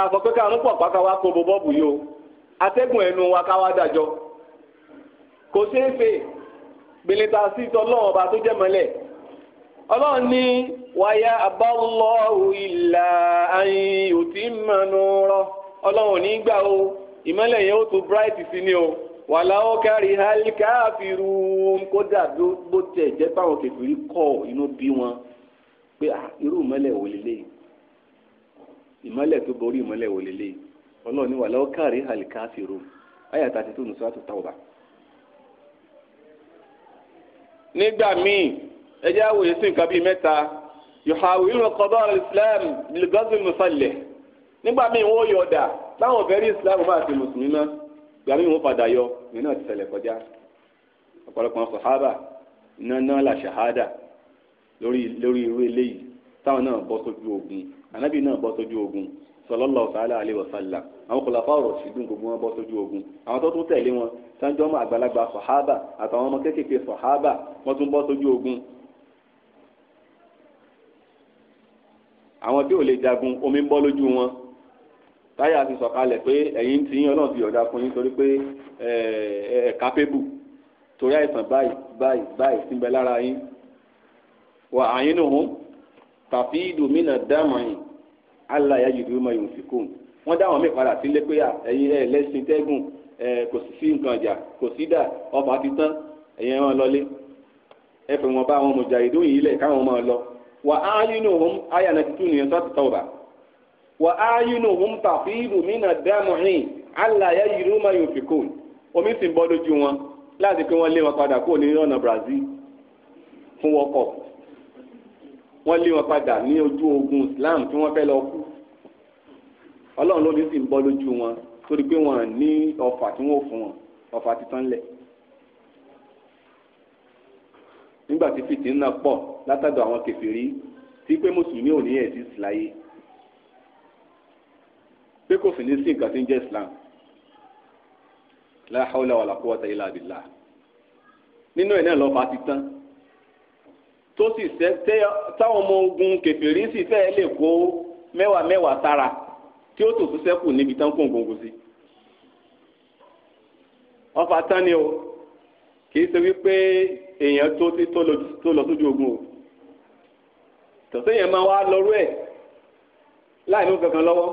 àfọ pé káwọn pọ̀ pàkà wá kó bo bọ́ọ̀bù yìí o atẹ́gùn ẹnu wa ká wá dájọ́ kò ṣeé fè gbèlétà sí tọ́lọ́run ọba tó jẹ́ mọ́lẹ̀ ọlọ́run ní wáyà abáwọ́lọ́hù ìlà ayin òtí mọ̀nù rọ ọlọ́run ní gbà o ìmọ́lẹ̀ yẹn ó tún bright sí ni o wàláwọ́ kárí hálíkàfìrú kódà bó tẹ̀ jẹ́ báwọn kẹfìrí kọ́ inú bí wọn pé ah, irú ìmọ́lẹ̀ wò lélẹ́yìí ìmọ́lẹ̀ tó borí ìmọ́lẹ̀ wò lélẹ̀ ọlọ́ọ̀ni wà lọ́wọ́ káàrí àlìkáfìrò àyà tàti tó nùsọ́ àtúntà ọ̀bà. nígbà míì ẹjẹ́ àwòye sí nǹkan bíi mẹ́ta yòhàwù ìlú kọ́dọ̀ islam lùgọ́sìn mùsàlẹ̀ nígbà míì wọ́n yọ ọ̀dà táwọn fẹ́ rí islam bá àti mùsùlùmí náà gbà míì wọ́n padà yọ ìyẹn náà ti ṣẹlẹ̀ kọjá ọ̀pọ̀lọpọ̀ sàhábà iná náà là ṣàhádà lórí irú eléyìí táwọn náà bọ́ sójú ogun ànábì náà bọ́ sójú ogun sallallahu ta'ala alaihi wasallam àwọn khulafa ar-rashidun gbogbo wọn bọ́ sójú ogun àwọn tó tún tẹ̀lé wọn sanjọ mọ àgbàlagbà sọhábà àtàwọn ọmọ kéékèèké sọhábà wọn tún bọ́ sójú ogun. àwọn tí ò lè jagun omi ń bọ́ lójú wọn táyà ti sọ̀kalẹ̀ pé ẹ̀yin tí yín Ọlọ́run ti yọ̀dá fún yín torí pé ẹ eh, kápébù eh, torí àìsàn báyìí báyìí báyìí sí ń bẹ lára yín wà àyínú hùn tàfíìdù mínà dáàmọ̀ yìí aláya yìí dúró mọ ìwọ̀n sí kùn wọ́n dá àwọn míì padà sílé pé ẹ̀yin ẹ̀ lẹ́sìn tẹ́gùn ẹ̀ kò sí sí nǹkan ìjà kò sí dà ọba ti tán ẹ̀yin ẹ̀ wọn lọlé ẹ fẹ́ wọn bá àwọn mùjàhídùn yìí lẹ̀ káwọn máa lọ wà á yínú hum àyà náà ti tún nìyẹn sọ́ọ̀tì tọ́wọ̀bà wà á yínú hum tàfíìdù mínà dáàmọ̀ yìí aláya yìí dúró mọ ìwọ̀n sí omi sì ń bọ́ lójú wọn láti pé wọ́n lé wọn padà kúrò ní ọ̀nà Brazil fún wọ́kọ̀ wọ́n lé wọn padà ní ojú ogun Islam tí wọ́n fẹ́ lọ kú Ọlọ́run ló ní sì ń bọ́ lójú wọn torí pé wọ́n ní ọfà tí wọ́n ò fún wọn ọfà titan lẹ̀ nígbà tí fìtì náà pọ̀ látàdọ̀ àwọn kèfèrí tí pé mùsùlùmí ò ní ẹ̀sìn ìsìláyé pé kò sì ní sí nǹkan tí ń jẹ́ Islam la hawla wala quwwata illa billah nínú ẹ̀ náà lọ́ọ́ fa ti tán tó sì fẹ́ táwọn ọmọ ogun kèfèrí sì fẹ́ lè kó mẹ́wàá mẹ́wàá sára tí ó tòtú sẹ́kù níbi tán kó gbòǹgò sí. wọ́n fa tán ni o kì í ṣe wípé èèyàn tó lọ sójú ogun o tọ̀sẹ̀ yẹn máa wá lọ́rú ẹ̀ láì mú kankan lọ́wọ́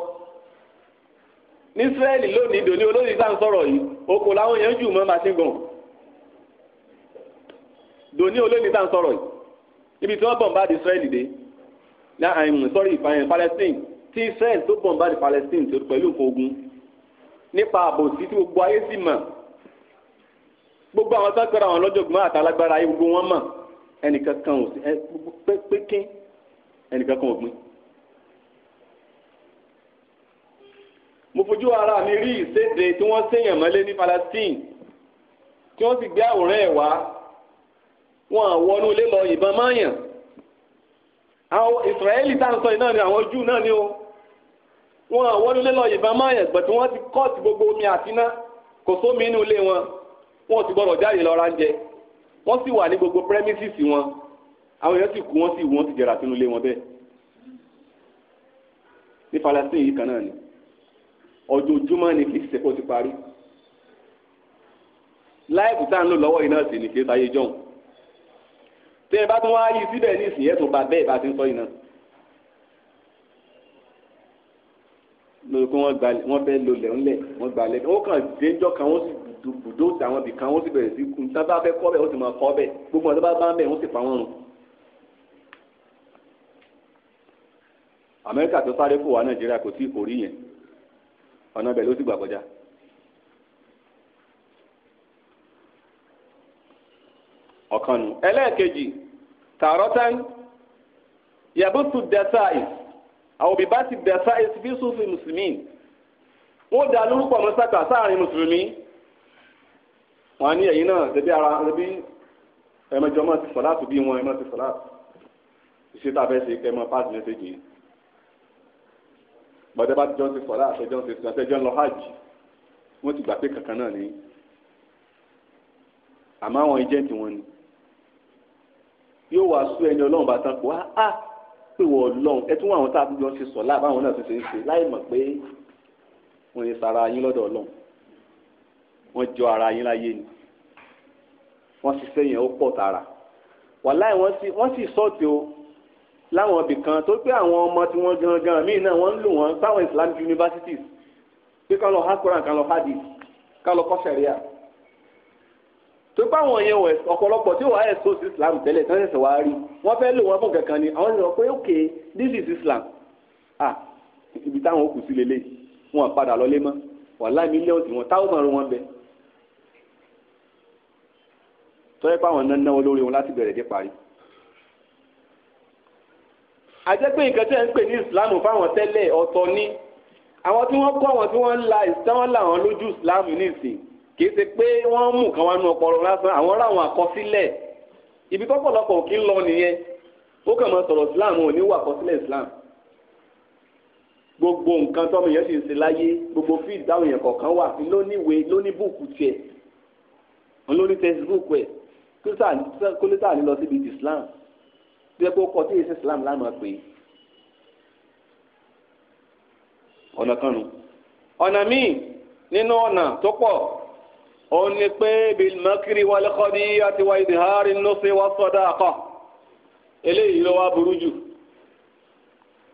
ní Ísírẹ́lì lónìí dòní olórí tá à ń sọ̀rọ̀ yìí oko làwọn yẹn jù mọ́ machine gun dòní olórí tá à ń sọ̀rọ̀ yìí ibi tí wọ́n bọ̀m̀bá di Israel dé láàrin sọ́rí Palestine tí Israel tó bọ̀m̀bá di Palestine tó pẹ̀lú nǹkan ogun nípa àbòsí tí gbogbo ayé sì mọ̀ gbogbo àwọn sọ́kẹ́rẹ́ àwọn ọlọ́jọ̀gbọ́n àtàlágbára ayé gbogbo wọn mọ̀ ẹnìkan kan ò sí pékin ẹnìkan kan ò gbìn. mo fojú ara mi rí ìséde tí wọ́n séèyàn mọ́lé ní Palestine tí wọ́n sì gbé àwòrán ẹ̀ wá wọn àwọnú ilé lọ ìbọn mọ́yàn àwọn ìsírẹ́lì tá à ń sọ yìí náà ni àwọn júù náà ni o wọn àwọnú ilé lọ ìbọn mọ́yàn gbọ̀tí wọ́n ti kọ́ọ̀tì gbogbo omi àtiná kò sómi inú ilé wọn wọn ti gbọ́dọ̀ jáde lọ ra oúnjẹ wọ́n sì wà ní gbogbo premises wọn àwọn èèyàn sì kú wọ́n sì wú wọ́n sì jẹrà sínú ilé wọn bẹ́ẹ̀ ní Palestine yìí kan náà ni ojoojúmọ́ ni kì í ṣe kó ti parí láìpù tá ń lò lọ́wọ́ yìí náà sì ní kí é sáyé jọ̀hún tẹ ẹ bá tún wáá yí síbẹ̀ ní ìsìn ẹ̀sùn bá bẹ́ẹ̀ bá ti ń sọ yìí náà. lórí pé wọ́n fẹ́ lolẹ̀ ńlẹ̀ wọ́n gba lẹ́kẹ̀ wọ́n kàn déjọ́ kan wọ́n sì bùdó àwọn ibì kan wọ́n sì bẹ̀rẹ̀ sí kùn tá bá fẹ́ kọ́ bẹ̀ wọ́n sì máa kọ́ bẹ̀ gbogbo àwọn tó bá bá ń bẹ̀ wọ́n sì pa wọ́n run. Amẹ́ríkà tó sáré fò wá Nàìjíríà kò tí ì kò yẹn ọ̀nà bẹ̀ ló sì gbà kọjá. ọ̀kan ẹlẹ́ẹ̀kejì tààrọ́tán yàbùtù dẹ́sáìs àwọn bíbá ti dẹ́sáìs fi sùfì mùsùlùmí wọ́n dá lórúkọ mọ́sáàkà sáàrin mùsùlùmí wọ́n á ní ẹ̀yìn náà dẹ̀bí ara dẹ̀bí ẹ̀mẹjọ máa ti sọ̀láàtù bí wọn ẹ̀mọ́ ti sọ̀láàtù ìṣètò abẹ́sẹ̀ kẹ́mọ́ pass message yìí gbọ́dọ̀ bá jọ ti sọlá àtẹjọ ti sọ àtẹjọ lọ hajj wọ́n ti gbà pé kankan náà ni àmọ́ àwọn ẹjẹǹtì wọn ni yóò wá sú ẹni ọlọ́run bá tán kó á á ah, pé wọ́n ọlọ́run ẹ tún àwọn tá a jọ ń ṣe sọ̀ láàbá àwọn náà tún ṣe ń ṣe láì mọ̀ pé wọ́n yẹ sara yín lọ́dọ̀ ọlọ́run wọ́n jọ ara yín láyé ni wọ́n ṣiṣẹ́ yẹn ó pọ̀ tara wàláì wọ́n sì sọ́ọ̀tì o láwọn ibì kan tó pé àwọn ọmọ tí wọ́n gangan míì náà wọ́n ń lò wọ́n sáwọn Islamic universities pé ká lọ hákùrán ká lọ hádìí ká lọ kọ́ sẹ̀ríà tó bá wọn yẹn wọ ọ̀pọ̀lọpọ̀ tí wàá ẹ̀sọ́ sí islam tẹ́lẹ̀ tí wọ́n ṣẹ̀ṣẹ̀ wá rí wọ́n fẹ́ lò wọ́n fún kankan ni àwọn ṣẹ̀ṣẹ̀ pé ok this is islam ah ibi táwọn òkú sí lélẹ̀ wọn padà lọlé mọ́ wàhálà mílíọ̀nù wọn táwọn wọn bẹ tọ́yẹ́ pé àwọn náà náwó lórí wọn láti bẹ̀rẹ̀ dé parí àjẹ́ pé nǹkan tẹ́ ń pè ní ìsìláàmù fáwọn tẹ́lẹ̀ ọ̀tọ̀ ni àwọn tí wọ́n kọ́ àwọn tí wọ́n la ìsìláàmù làwọn lójú ìsìláàmù ní ìsìn kì í ṣe pé wọ́n mú kan wá nu ọpọlọ lásán àwọn ráwọn àkọsílẹ̀ ibi tọ́pọ̀lọpọ̀ kí ń lọ nìyẹn ó kàn máa sọ̀rọ̀ islam ò ní wà àkọsílẹ̀ islam gbogbo nǹkan tọ́mọ yẹn sì ń ṣe láyé gbogbo fíìd táwọn èèyàn kọ̀ọ̀kan wà sí lóníwèé lóníbùkù tiẹ̀ lóní tẹsibúùkù ẹ̀ kólítà ní lọ síbi islam bí ẹ pé ó kọ tí èsì islam lánàá pé ọ̀nà kan nù ọ̀nà míì nínú ọ̀nà tó pọ̀ òun ni pé bilmakiri wàlẹ́kọ́dí àti wà ìdìhárì lọ́sẹ̀ wà sọ́dá àkọ́ eléyìí ló wá burú jù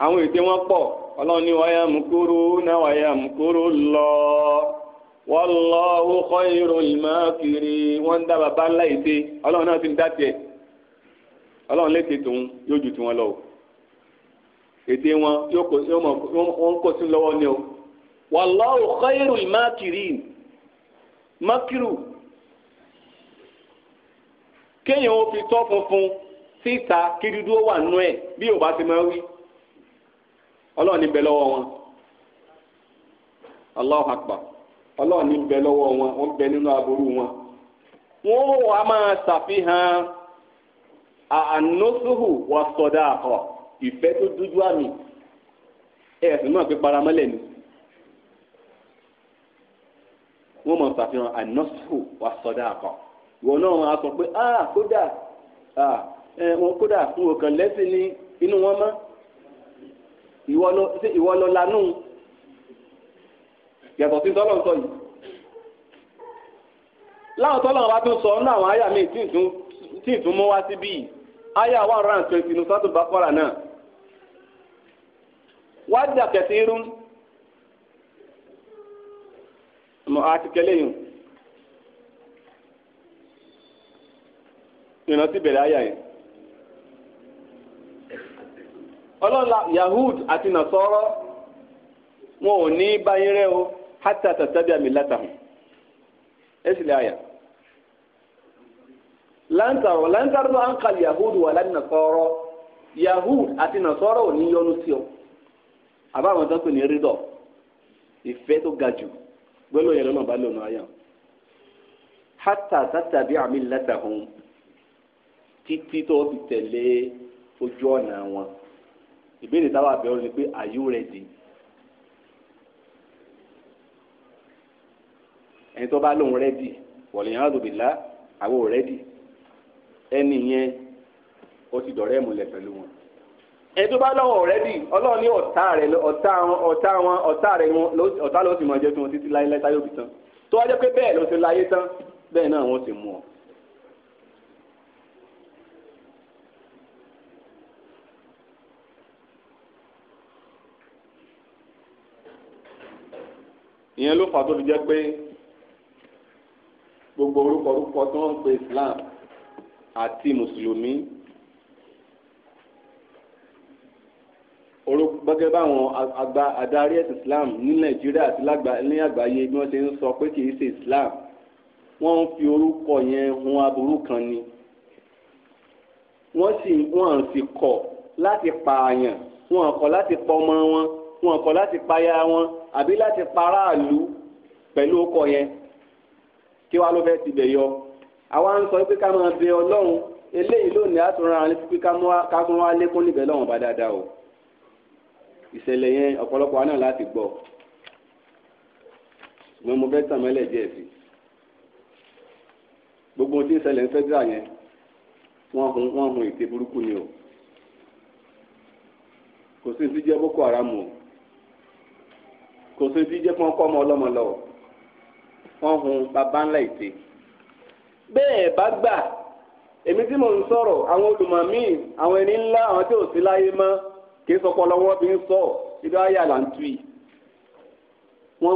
àwọn ète wọn pọ̀ ọlọ́run ní wáyà mukuru náà wáyà mukuru lọ wallahu khairul makiri wọ́n ń dá bàbá ńlá ète ọlọ́run náà ti ń dá tiẹ̀ ọlọ́run létí tòun yóò ju tiwọn lọ o ète wọn yóò kó sínú lọ́wọ́ ni o wallahu khairul makirin. mọ́kìrù kéèyàn ó fi tọ́ funfun síta kírídúó wà nú ẹ̀ bí bi bá ti máa wí ọlọ́ọ̀ni bẹ lọ́wọ́ wọn Allahu ọlọ́ọ̀ni bẹ lọ́wọ́ wọn wọ́n bẹ nínú aburú wọn wọn ó wàá máa ṣàfihàn ànóṣùhù wà sọdá àkọ ìfẹ́ tó dúdú àmì ẹ̀sìn náà wọ́n máa ṣàfihàn anọ́sùkù wà sọ́dá àkọ́ ìwọ náà máa sọ pé ah kódà ah wọn kódà fún òkàn lẹ́sìn ní inú wọn mọ́ ìwọ lọ lanú yàtọ̀ sí tọ́lọ̀ ń sọ yìí láwọn tọ́lọ̀ wa tún sọ ọ́nà àwọn àyà mi tí ìtún mú wá síbí yìí àyà one round twenty nù sọ́tù bá kọ́ra náà wájà kẹsì mọ́ àti kẹlẹ́yìn ìrántí bẹ̀rẹ̀ àyà yẹn. ọlọ́la yahud àti nasọ́rọ́ wọn ò ní báyìí rẹ́ o hátà tàtàbí àmì látàhùn ẹ sì lè àyà lantarọ lantarọ an kal yahudu wala nasọrọ yahud àti nasọrọ ò ní yọ́nú sí ọ àbáwọn tó ń pè ní rídọ ìfẹ́ tó ga jù gbẹ́lò yẹn lọ́nà bá lò náà yàn hátà tàtàbí àmì lẹ́tàhùn títí tó fi tẹ̀lé ojú ọ̀nà wọn ìbéèrè táwa bẹ̀rù ni pé are you ready? ẹni tó bá lóun rẹ́dì wọ̀lẹ̀ yàrá òbí lá àwọn ò rẹ́dì ẹni yẹn ó ti dọ̀rẹ́ ìmùlẹ̀ pẹ̀lú wọn ẹni tó bá lọ́wọ́ rẹ dì ọlọ́run ní ọ̀tá rẹ ọ̀tá wọn ọ̀tá wọn ọ̀tá rẹ wọn ọ̀tá ló sì mọ̀ jẹ́ tí wọn títí láyé láyé táyé òbí tán tó wá pé bẹ́ẹ̀ ló ti láyé tán bẹ́ẹ̀ náà wọ́n ti mú ọ. ìyẹn ló fà tó fi jẹ́ pé gbogbo orúkọ orúkọ tó ń pe Islam àti mùsùlùmí gbọ́gẹ́ báwọn àgbà adarí ẹ̀sìn Islam ní Nàìjíríà àti ní àgbáyé bí wọ́n ṣe ń sọ pé kì í ṣe Islam wọ́n ń fi orúkọ yẹn hun aburú kan ni wọ́n sì wọ́n sì kọ̀ láti pààyàn wọ́n kọ̀ láti pa ọmọ wọn wọ́n kọ̀ láti paya wọn àbí láti paráàlú pẹ̀lú ọkọ̀ yẹn kí wàá ló fẹ́ ti bẹ̀ yọ àwa ń sọ pé ká máa bẹ Ọlọ́run eléyìí lónìí àtúnra àti pé ká mú wa lékún níbẹ̀ lọ́wọ́n bá dáadáa o ìṣẹ̀lẹ̀ yẹn ọ̀pọ̀lọpọ̀ wa náà láti gbọ́ ṣùgbọ́n mo fẹ́ tàn mẹ́lẹ̀ díẹ̀ sí gbogbo ohun tí ń ṣẹlẹ̀ ń fẹ́ dà yẹn wọ́n hun wọ́n hun ète burúkú ni o kò sí ti jẹ́ boko haram o kò sí ti jẹ́ kọ́ńkọ́ ọmọ ọlọ́mọ lọ wọ́n hun bàbá ńlá ète bẹ́ẹ̀ bá gbà èmi tí mò ń sọ̀rọ̀ àwọn olùmọ̀ míì àwọn ẹni ńlá àwọn tí ò sí láyé mọ́ kì í sọpọ lọ́wọ́ bí ń sọ ibi àyà là ń tu yìí wọ́n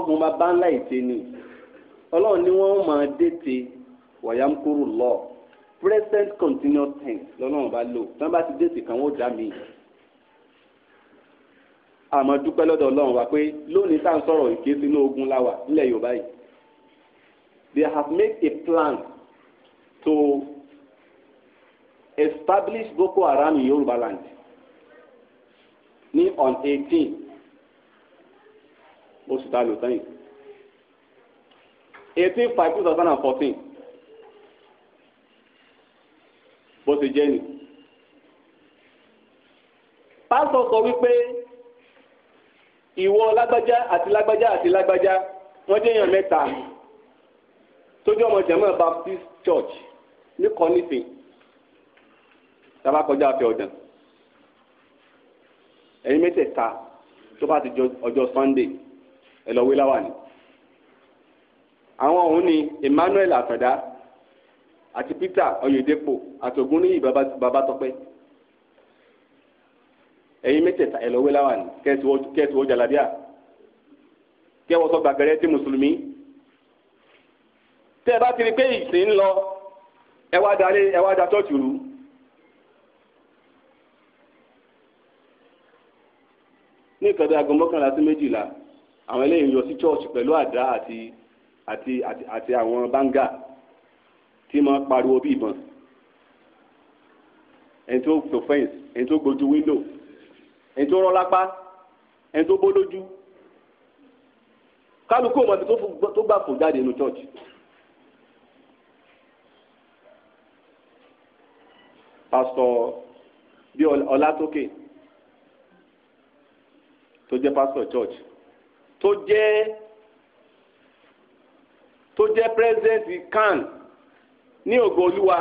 ńlá ìtẹ ni Ọlọ́run ni wọ́n máa dètè wàyà ń kúrò lọ present continuous tense lọ́lọ́run bá lò tí wọ́n bá ti dètè kan wọ́n dá mi àmọ́ dúpẹ́ lọ́dọ̀ Ọlọ́run wa pé lónìí tá à ń sọ̀rọ̀ ìkéésí ní ogun láwà nílẹ̀ Yorùbá yìí they have made a plan to establish Boko Haram in Yorùbá land ní on eighteen oṣù tá a lò sẹ́yìn eighteen five two thousand and fourteen bó ti jẹ́ ni. pásítọ̀ sọ wípé ìwọ lágbájá àti lágbájá àti lágbájá wọ́n jẹ́ èèyàn mẹ́ta tójú ọmọ jẹ̀mọ́ Baptist Church ní kọ́nífì tá a bá kọjá àfẹ́ ọ̀dàn ẹ̀yin mẹ́tẹ̀ẹ̀ta tó bá ti jọ ọjọ́ Sunday ẹ lọ wé láwàní àwọn ọ̀hún ni Emmanuel Àtàndá àti Peter Oyedepo àti Ògúnníyì Babátọ́pẹ́ ẹ̀yin mẹ́tẹ̀ẹ̀ta ẹ lọ wé láwàní kẹsìwọ jalabia kẹwọ sọ gbàgẹrẹ tí mùsùlùmí tẹ ẹ bá ti rí pé ìsìn ń lọ ẹ wá dalé ẹ wá da tọ́ọ̀tù rú. ní nǹkan bí aago mọ́kànlá sí méjìlá àwọn eléyìí yọ sí chọ́ọ̀chì pẹ̀lú àdá àti àti àti àti àwọn báńgà tí máa pariwo bí ìbọn ẹni tó tó fẹ́ǹsì ẹni tó gbójú wíńdò ẹni tó rọ́ lápá ẹni tó bó lójú kálukú ọmọdé tó gbà fò jáde nínú chọ́ọ̀chì. pásítọ̀ bí ọlátòkè. Okay tó jẹ́ pastor church tó jẹ́ tó jẹ́ president kan ní ògo olúwa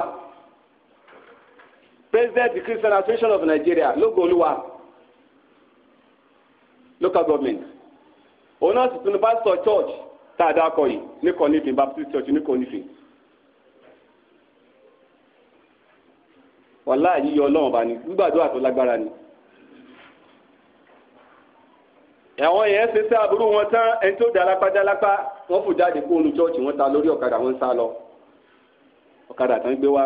president Christian Association of Nigeria lógo olúwa local government òun náà sì tún pastor church tá a dá akọ yìí ní kọ́nífin Baptist church ní kọ́nífin. wàhálà yíyọ ọlọ́run bá ní gbígbàdúrà tó lágbára ni. àwọn yẹn ṣe sí àbúrò wọn tán ẹni tó dá lápá dá lápá wọn fò jáde kó onu chọọchì wọn ta lórí ọ̀kadà wọn sá lọ ọ̀kadà tán gbé wá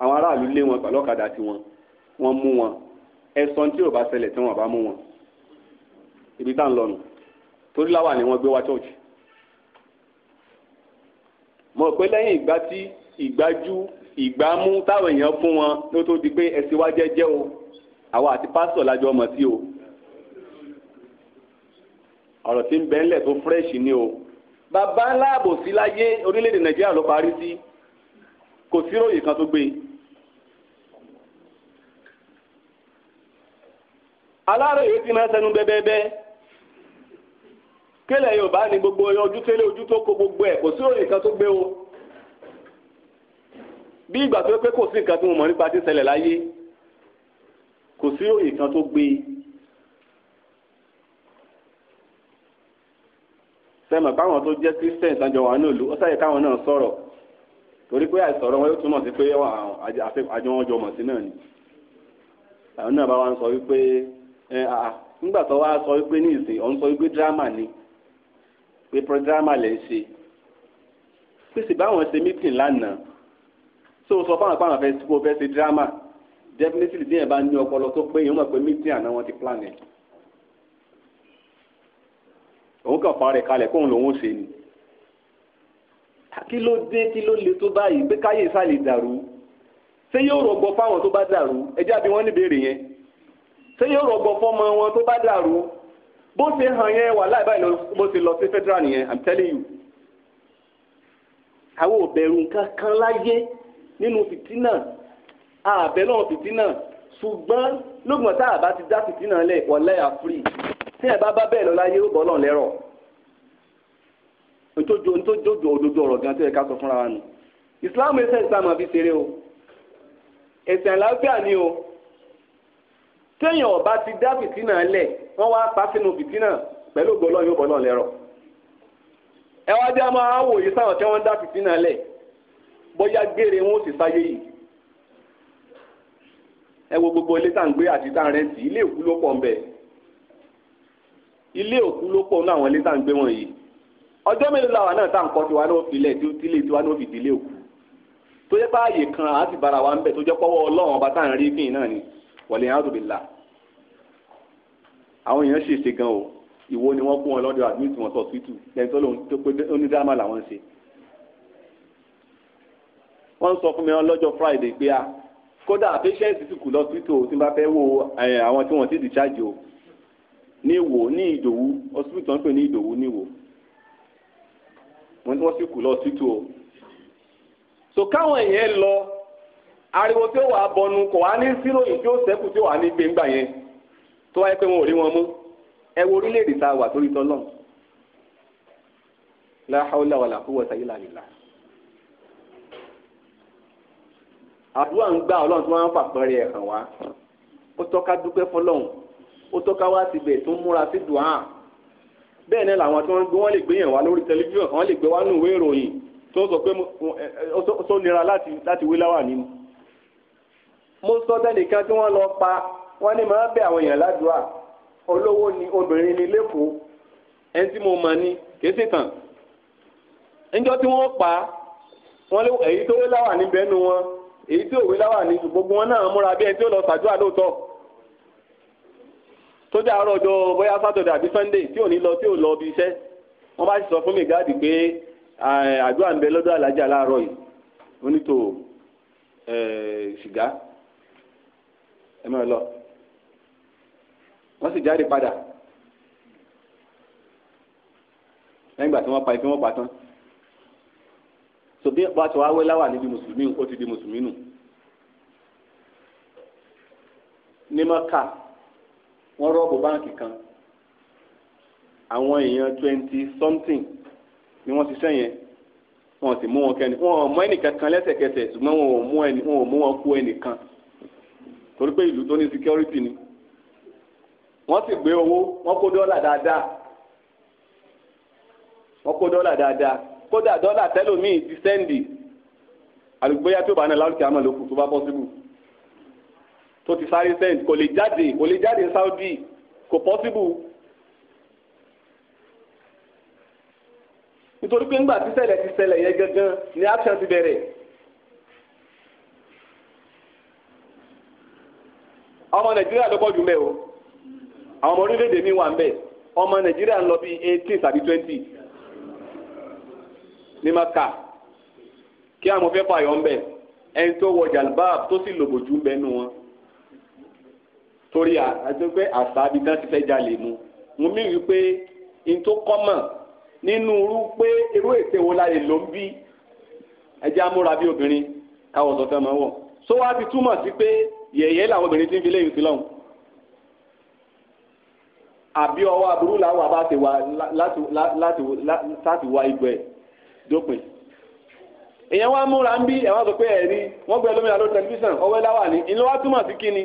àwọn aráàlú lé wọn pẹ̀lú ọ̀kadà tiwọn wọn mú wọn ẹ̀sán tí ò bá ṣẹlẹ̀ tí wọn bá mú wọn ibi tá à ń lọnu torí láwà ni wọn gbé wá chọọchì mọ̀ pé lẹ́yìn ìgbà tí ìgbájú ìgbámú táwọn èèyàn fún wọn ló tó di pé ẹ̀sìn wa jẹ́jẹ́ o àwa àti pásítọ̀ lájọ mọ̀ sí o ọ̀rọ̀ tí ń bẹ ńlẹ̀ tó fúrẹ́ṣì ni o bàbá ńlá àbòsí láyé orílẹ̀-èdè nàìjíríà ló parí sí kò sí ròyìn kan tó gbé e. aláròyé ti máa sẹnu bẹ́ẹ̀bẹ́ẹ́ kélẹ̀ yorùbá ni gbogbo ojú tẹ́lẹ̀ ojú tó kó gbogbo ẹ̀ kò sí ròyìn kan tó gbé o bí ìgbà tó pé kò sí nǹkan tí mo mọ̀ nípa ti ṣẹlẹ̀ láyé kò sí ròyìn kan tó gbé e. sẹ́mọ̀ káwọn tó jẹ́ christian sanjọ wà nínú ìlú ó sáyẹ káwọn náà sọ̀rọ̀ torí pé àìsọ̀rọ̀ wọn yóò túmọ̀ sí pé àjọ wọn jọ mọ̀ sí náà ni àwọn náà bá wa ń sọ wípé ẹ àà nígbà tó wá sọ wípé ní ìsìn sọ wípé ni pé dírámà lè ń ṣe pé sì báwọn ṣe lánàá sọ fáwọn fáwọn fẹ́ sí kó fẹ́ ṣe drama definitely bí bá ní ọpọlọ tó pé mọ̀ pé àná wọn ti plan òun kàn fara rẹ̀ kalẹ̀ kóun lòun ṣe ni kí ló dé kí ló le tó báyìí pé káyé ìsàlẹ̀ dàrú ṣé yóò rọgbọ fáwọn tó bá dàrú ẹjẹ́ àbí wọ́n níbèrè yẹn ṣé yóò rọgbọ fọmọ wọn tó bá dàrú bó ṣe hàn yẹn wà láì báyìí bó ṣe lọ sí federal nìyẹn i'm telling you àwọn òbẹ̀rù nǹkan láyé nínú fìtínà àbẹ̀ náà fìtínà ṣùgbọ́n lóògùn tá a bá ti dá fìtínà lẹ̀ wọ́n lẹ́yà tí ẹ bá bá bẹ́ẹ̀ lọ láyé ó bọ́ náà lẹ́rọ̀ ntójú ntójú òdodo ọ̀rọ̀ gan tí ẹ ká sọ fúnra wa nù ìsìláàmù ẹsẹ̀ ṣeré ọba ti dá fìtínà lẹ̀ wọ́n wá pa sínú fìtínà pẹ̀lú yóò bọ́ náà lẹ́rọ̀ ẹ dá fìtínà lẹ̀ bóyá gbére wọn sì sáyé yìí ẹ gbogbo ilé tá àti tá ilé ìwúlò ilé òkú ló pọ̀ ní àwọn ilé tá à ń gbé wọ̀nyí ọjọ́ mélòó làwọn náà tá à ń kọ́ tiwa náà fi lẹ̀ tí ó ti lè tiwa náà fi dílé òkú tó jẹ́ báàyè kan á sì bára wa ń bẹ̀ tó jẹ́ pọ́wọ́ ọlọ́run ọba tá à ń rí fíìn náà ni wọ̀lẹ̀ yẹn á tóbi là àwọn èèyàn ṣèṣe gan o ìwo ni wọ́n kó wọn lọ́dọ̀ admit wọn sọ sítù lẹ́yìn tó lóun tó pé onídàámà làwọn ń ṣe wọ́n sọ fún mi lọ́jọ́ Friday pé a kódà patient sì kù lọ sítù tí n bá fẹ́ wo eh, àwọn tí wọ́n ti discharge o ní ìwò ní ìdòwú hospital ń pè ní ìdòwú ní ìwò wọ́n sì kú lọ hospital o so káwọn èèyàn lọ ariwo tí ó wà bọnu kò wá ní síròyìn tí ó ṣẹ́kù tí ó wà ní gbẹ̀ngbà yẹn tó wáyé pé wọn ò rí wọn mú ẹ wo orílẹ̀-èdè tá a wà torí tọ́lọ́ la hawla wala quwwata illa billah àdúrà ń gbà ọlọ́run tí wọ́n á fàpẹ́rẹ́ ẹ̀ hàn wá ó tọ́ka dúpẹ́ fọlọ́run ó tó ká wá síbẹ̀ tó ń múra sí dùn án bẹ́ẹ̀ náà làwọn tí wọ́n gbé wọ́n lè gbé yẹn wá lórí tẹlifíṣàn wọ́n lè gbé wá nù ìròyìn tó sọ pé ó nira láti wí láwà nínú. mo sọ tẹnìkan tí wọ́n lọ pa wọ́n ní máa bẹ àwọn èèyàn ládùúrà olówó ni obìnrin ni lẹ́kọ̀ọ́ ẹni tí mo mọ̀ ni kì í sì tàn. níjọ́ tí wọ́n pa wọ́n lé èyí tó wé láwà níbẹ̀ nu wọn èyí tí òwe láwà ní gbogbo wọn náà múra bí ẹni tí ó lọ ṣàdúrà lóòótọ́ sójà àárọ̀ ọjọ́ bóyá sátọ̀dẹ̀ àbí sànńdẹ̀ tí ò ní lọ tí ò lọ bí iṣẹ́ wọ́n bá sì sọ fún mi gáàdì pé àdúrà ń bẹ lọ́dọ̀ alájà láàárọ̀ yìí onítò sìgá ẹ máa lọ wọ́n sì jáde padà lẹ́yìn ìgbà tí wọ́n pa ife wọ́n pa tán tòbí pàtó awé láwà níbi mùsùlùmí ó ti di mùsùlùmí nù ní mọ́kà wọ́n rọ́ọ̀bù báǹkì kan àwọn èèyàn twenty something ni wọ́n ṣiṣẹ́ yẹn wọ́n sì mú wọn kẹ́ni wọ́n mú ẹnìkan kan lẹ́sẹ̀kẹsẹ̀ ṣùgbọ́n wọn ò mú ẹni wọn ò mú wọn kú ẹnìkan torí pé ìlú tó ní security ni wọ́n sì gbé owó wọ́n kó dọ́là dáadáa wọ́n kó dọ́là dáadáa kódà dọ́là tẹ́lómìn ti sẹ́ndì àlùgbóyà tó bá náà láwùjọ àmọ́ lókù tó bá bọ́ síbù tó ti sáré send kò lè jáde kò lè jáde Saudi kò possible nítorí pé ńgbà tí ṣẹlẹ̀ ti ṣẹlẹ̀ yẹn gangan ni action ti bẹ̀rẹ̀. ọmọ nàìjíríà ló pọ̀ jù mẹ́ o àwọn ọmọ orílẹ̀-èdè mi wà ń bẹ̀ ọmọ nàìjíríà ń lọ bí eighteen tàbí twenty ní maka kí àwọn fẹ́ fààyàn ń bẹ̀ ẹni tó wọ jalbab tó sì lòbòjú ń bẹ wọn torí àtúnpé àṣà abidán ti fẹ́ jalè mu mo mí wípé n tó kọ́mọ̀ nínú irú pé irú ète wo la lè lò ń bí ẹjẹ́ amúra bí obìnrin káwọ̀ sọ̀tẹ́ máa wọ̀ so wá ti túmọ̀ sí pé yẹ̀yẹ́ làwọn obìnrin ti ń fi léyìn sí lọ́hùn àbí ọwọ́ aburú làwọn àbá ti wà láti láti láti wá igbó ẹ̀ dópin èèyàn wá múra ń bí ẹ̀ wá sọ pé ẹ̀ wọ́n gbé ẹlòmíràn ló tẹlifíṣàn ọwọ́ ẹ̀ láwà ní ìlú wa túmọ̀ sí kíni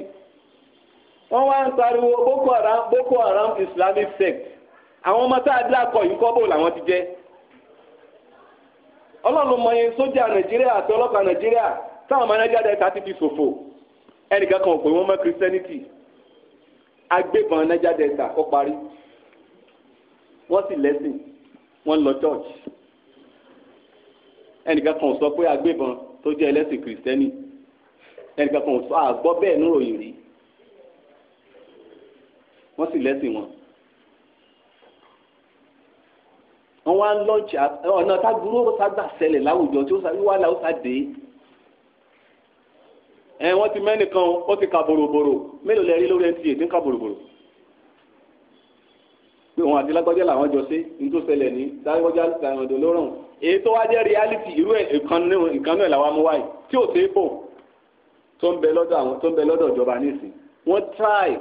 wọ́n wá ń pariwo boko haram boko haram islamic sect àwọn ọmọ tá a dá akọ yìí kọ́ bò làwọn ti jẹ́ ọlọ́run mọye sójà nàìjíríà àti ọlọ́pàá nàìjíríà táwọn ọmọ nàìjíríà dẹ́ta ti fi ṣòfò ẹnìkan kan pè wọ́n mọ́ christianity agbébọn nàìjíríà dẹ́ta ó parí wọ́n sì lẹ́sìn wọ́n lọ church ẹnìkan kan ò sọ pé agbébọn tó jẹ́ ẹlẹ́sìn christianity ẹnìkan kan ò sọ àgbọ́ bẹ́ẹ̀ níròyìn rí wọ́n sì lẹ́sìn wọn. wọ́n wá lọ́ọ̀jì ọ̀nà tágbúrú sábà ṣẹlẹ̀ láwùjọ tí ó wá láwùjọ dé. ẹ wọ́n ti mẹ́nìkan ó ti ka bòròbòrò mélòó lẹ rí lórí nta tí ń ka bòròbòrò. pé òun àti lágbájá làwọn jọ sí ní tó ṣẹlẹ̀ ní lágbájá làwọn jọ lóràn èyí tó wá jẹ́ reality irú ìkan náà làwọn amú wáyé tí ò sí bò tó ń bẹ lọ́dọ̀ ìjọba nísìn wọ́n try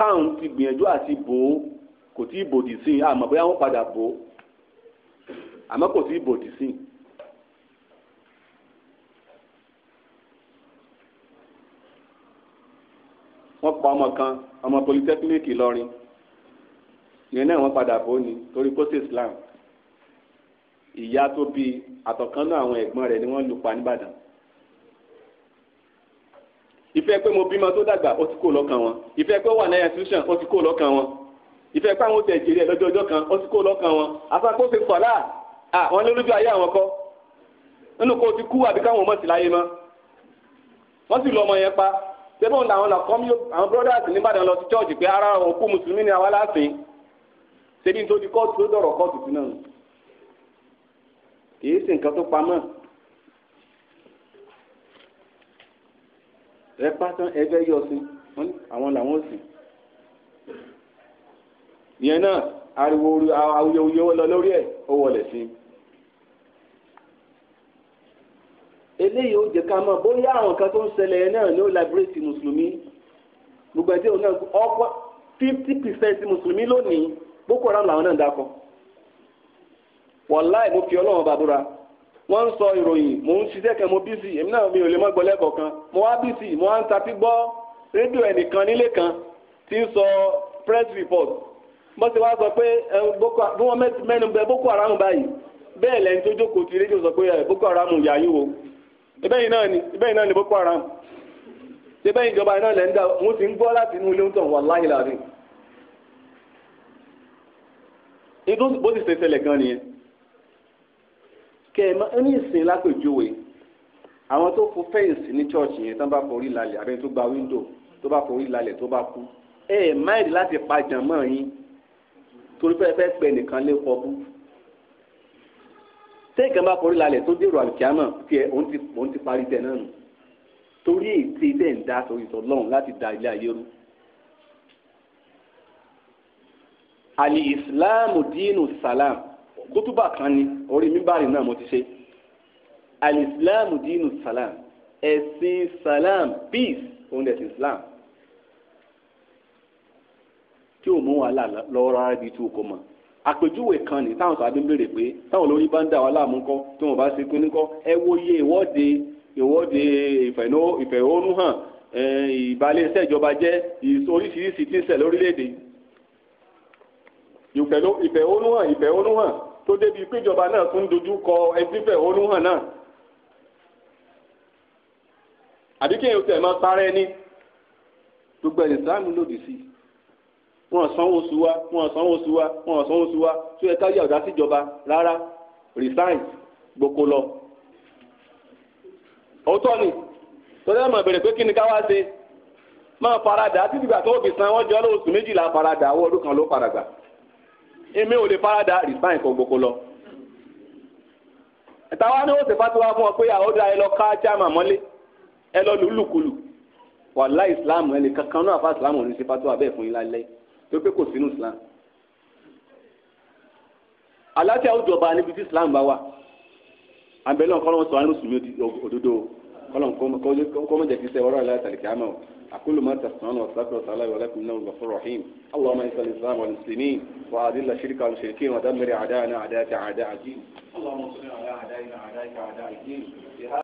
káwọn ti gbìyànjú àti bò ó kò tí ì bòdì sí i àmọ́ bóyá wọ́n padà bò ó àmọ́ kò tí ì bòdì sí i. wọ́n pa ọmọ kan ọmọ polytechnic Ìlọrin ìyẹn náà wọ́n padà bò ó ni torí kó sí Islam ìyá tó bí àtọ̀kánná àwọn ẹ̀gbọ́n rẹ̀ ni wọ́n lù pa nìbàdàn ìfẹ́ pé mo bímọ tó dàgbà ó ti kó lọ́kàn wọn ìfẹ́ pé ó wà náírà institution ó ti kó lọ́kàn wọn ìfẹ́ pé àwọn oṣù ẹ̀jẹ̀rẹ̀ lọ́jọ́ ọjọ́ kan ó ti kó lọ́kàn wọn afákó ṣe fọlá àwọn lójú ayé àwọn kọ́ nínú kó o ti kú àbí káwọn ọmọ sì láyé mọ́ wọ́n sì lọ ọmọ yẹn pa sẹ́fọ̀n làwọn làkọ́mí àwọn brothers nìbàdàn lọ sí church pé ara òkú mùsùlùmí ni àwa láàfin ṣebí nítorí kóòtù tó dọ̀rọ̀ kóòtù sí náà kì í sì nǹkan tó pamọ́ rẹpátán ẹgbẹ́ yọ sí wọn ní àwọn làwọn sì yẹn náà ariwo awuyewuye lọ lórí ẹ̀ ó wọlé sí eléyìí ó jẹ́ ká mọ̀ bóyá àwọn kan tó ń ṣẹlẹ̀ yẹn náà ló labireti mùsùlùmí gbogbo ẹjẹ òun náà ọgbọ fifty percent mùsùlùmí lónìí boko haram làwọn náà dákọ wọláì mo fi Ọlọ́run bàbúrà wọ́n ń sọ ìròyìn mò ń ṣiṣẹ́ kẹ́ mo bísí èmi náà mi ò lè mọ́ gbọ́ lẹ́kọ̀ọ́ kan mo wá bísí mo wá ń tapí gbọ́ rédíò ẹnìkan nílé kan tí ń sọ press report bó ṣe wá sọ pé bí wọ́n mẹ́nu bẹ Boko Haram báyìí bẹ́ẹ̀ lẹ́yìn tó jókòó ti rédíò sọ pé Boko Haram yà yín o ìbẹ́yìn náà ni ìbẹ́yìn náà ni Boko Haram ṣẹ́bẹ́yìn ìjọba náà lẹ́ ń dá wọ́n ti ń gbọ́ láti inú ilé ń tàn wà láyé láàrin. bó ti ṣe ṣẹlẹ̀ gan nìyẹn kẹmọ ní ìsìn lápèjúwe àwọn tó fò fẹ́ǹsì ní chọ́ọ̀chì yẹn tó bá forí lálẹ́ àbẹ́ tó gba wíńdò tó bá forí lálẹ́ tó bá kú ẹ ẹ máìlì láti pa jàmọ́ yín torí pé ẹ fẹ́ pẹ nìkan lé kọ́ bú tẹ́ẹ̀kan bá forí lálẹ́ tó dèrò àlùkìámọ̀ tí ẹ òun ti òun ti parí tẹ̀ náà nù torí ètè tẹ̀ ń dá torí tọ́lọ́run láti da ilé ayé rú. àlì ìsìláàmù dínú sàlámù kútúbà kan ni orí mímbàrì náà mo ti ṣe alìsílámù dínú sàlám ẹ̀sìn sàlám peace òun dẹ̀ sí islam tí ò mú wàhálà lọ́wọ́ rárá bíi tí o kò mọ̀ àpèjúwe kan ní táwọn sábẹ́ ń béèrè pé táwọn olórí bá ń dà wá láàmú kọ́ tí wọ́n bá ṣe pé níkọ́ ẹ wo iye ìwọ́de ìwọ́de ìfẹ̀hónú hàn ìbálẹ̀ṣẹ́ ìjọba jẹ́ oríṣiríṣi tí ń ṣẹ̀ lórílẹ̀‐èdè ìfẹ̀hónú hàn ìfẹ̀hónú hàn tó débi péjọba náà tún dojú kọ hàn náà àbí kí èèyàn tẹ̀ máa parẹ́ ẹni gbogbo lòdì sí wọn sanwó oṣù wa wọn sanwó oṣù wa wọn sanwó oṣù wa yà ọ̀dà síjọba rárá resign gboko lọ. òótọ́ ni tọ́lá bẹ̀rẹ̀ pé kí ni ká wá ṣe máa títí gbà tó fi san wọ́n jọ lóṣù kan ló èmi ò lè farada rìsáìn kan gboko lọ. ìtawá ni ó ti fatiwa fún ọ pé àwọn ọ̀dà ẹ lọ ká jáàmà mọ́lé ẹ lọ lùlùkulù wàhálà ìsìláàmù ẹnì kankan náà fà ìsìláàmù òní ṣe fatiwa bẹ́ẹ̀ fún yín lálẹ́ tó pé kò sínú ìsìláàmù. aláṣẹ àwùjọba níbi tí ìsìláàmù bá wà àbẹ̀lẹ̀ ọ̀kọ́ lọ́wọ́ sọ kọlọn kọmọ jẹ kisẹ wọrọ ala tali kiyama o akulu ma tasman wa sakura sala wa lakum na wa furu rahim allahumma isa al-islam wa muslimin wa adilla shirka wa shirkin wa dammir a'da'ana a'da'aka a'da'a din allahumma salli